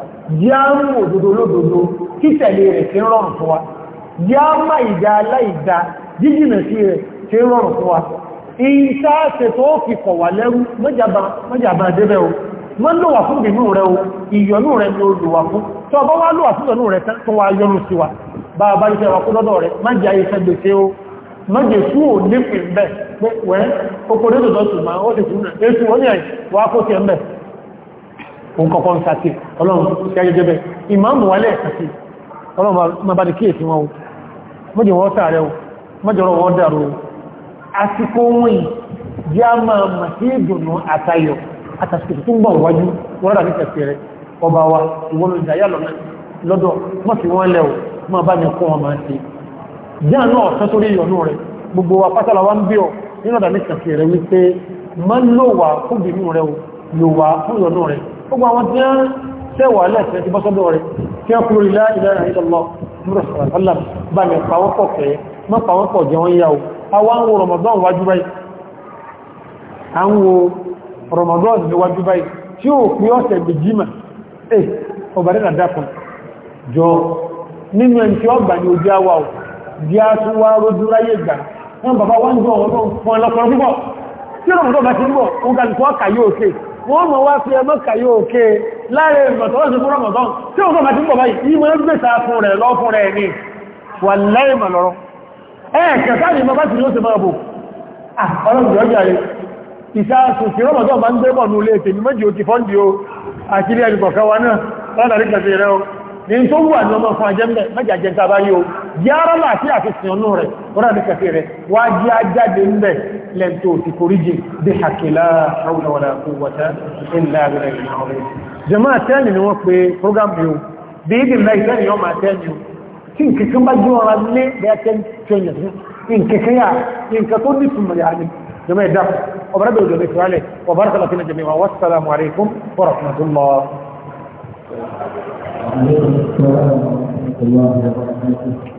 jáàmù òdodo lódodo títẹ̀lé rẹ̀ tí ń rọrùn fún wa jáàmà ìdá aláìdá jíjìnà sí rẹ̀ tí ń rọrùn fún wa ìsáàsẹ̀ tó fi kọ̀ wà lẹ́rú mọ́jàbà débẹ̀ o wọ́n lò wà fún ìbínú rẹ̀ o ìyọnú rẹ̀ ni ó lò wà fún tó ọba wá lò wà fún ìyọnú rẹ̀ tó wá yọnú sí wa bá a bá ní sẹ́wà kó lọ́dọ̀ rẹ̀ o má jẹ́ sú òun kọ̀kọ́ ń sàtì ọlọ́run sí ajẹ́jẹ́bẹ̀ ìmáàmù wálẹ̀ àti ọlọ́run ma bá ní kíyèsí wọn o mọ́jọ sáà o mọ́jọ wọn dàrú o àsìkò wọn yá máa mà sí ìdùnnú àtayọ̀ àtàsìkò tó ń bọ̀ wájú wọ́n rà ní ọba wa ọ yóò wà fún ìyọ̀nà rẹ̀ gbogbo àwọn tí wọ́n tẹ́wà lẹ́sẹ̀ ti bọ́sọ́dọ̀ rẹ̀ tí wọ́n kúrò ilá ìlànà ìlọ́lọ́ mọ́sànlá bá ní pàwọ́pọ̀ pẹ̀ mọ́ pàwọ́pọ̀ jẹ wọ́n yáò àwọn wo Ramadan wájú báyìí àwọn wo Ramadan ní wájú báyìí tí ó pí ọ̀sẹ̀ gbèjímà eh ọbàrẹ́ nà bí a tún wá rójú ráyè gbà wọ́n bàbá wá jọ ọ̀rọ̀ fún ẹlọ́pọ̀ púpọ̀ tí Ramadan bá ti ń bọ̀ ó ga wọ́n mọ̀ wá fi ẹmọ́ kàyọ òkè láàrin ìgbàtọ̀wọ́sí fún rọmọ̀tán tí ó sọ́mà tí ń bọ̀ báyìí ìmọ̀ ń gbẹ̀ta fún rẹ̀ lọ fún rẹ̀ ní wà láìmọ̀ lọ́rọ̀ ẹ̀ẹ̀kẹ̀ká ni mọ́ bá ti ní ó sì máa bò ọlọ́run jọ́ jẹ́ ìsáàsù tí rọmọ̀tán bá ń gbẹ́bọ̀ ní olé ètè mímọ́jì ó ti fọ́ndì ó àkílẹ̀ ẹgbọ̀kẹ́ wa náà ní tó wà ní ọmọ fún ajẹ́mẹ́ mẹ́jàjẹ́ tàbá yóò yára láti àfihàn ọ̀nà rẹ̀ wọ́n rẹ̀ kẹfẹ́ rẹ̀ wá jí ajáde ń bẹ̀ lẹ́ntò ti foríjì bí hakila hawla wala quwwata illa billah jama'a tẹ́lì ni wọ́n pé program yóò bí i dìbà ìtẹ́lì yọ́ máa tẹ́lì yóò tí nkẹ̀kẹ́ bá jí ọ̀rọ̀ lé bẹ́ẹ̀kẹ́ عليكم السلام ورحمة الله وبركاته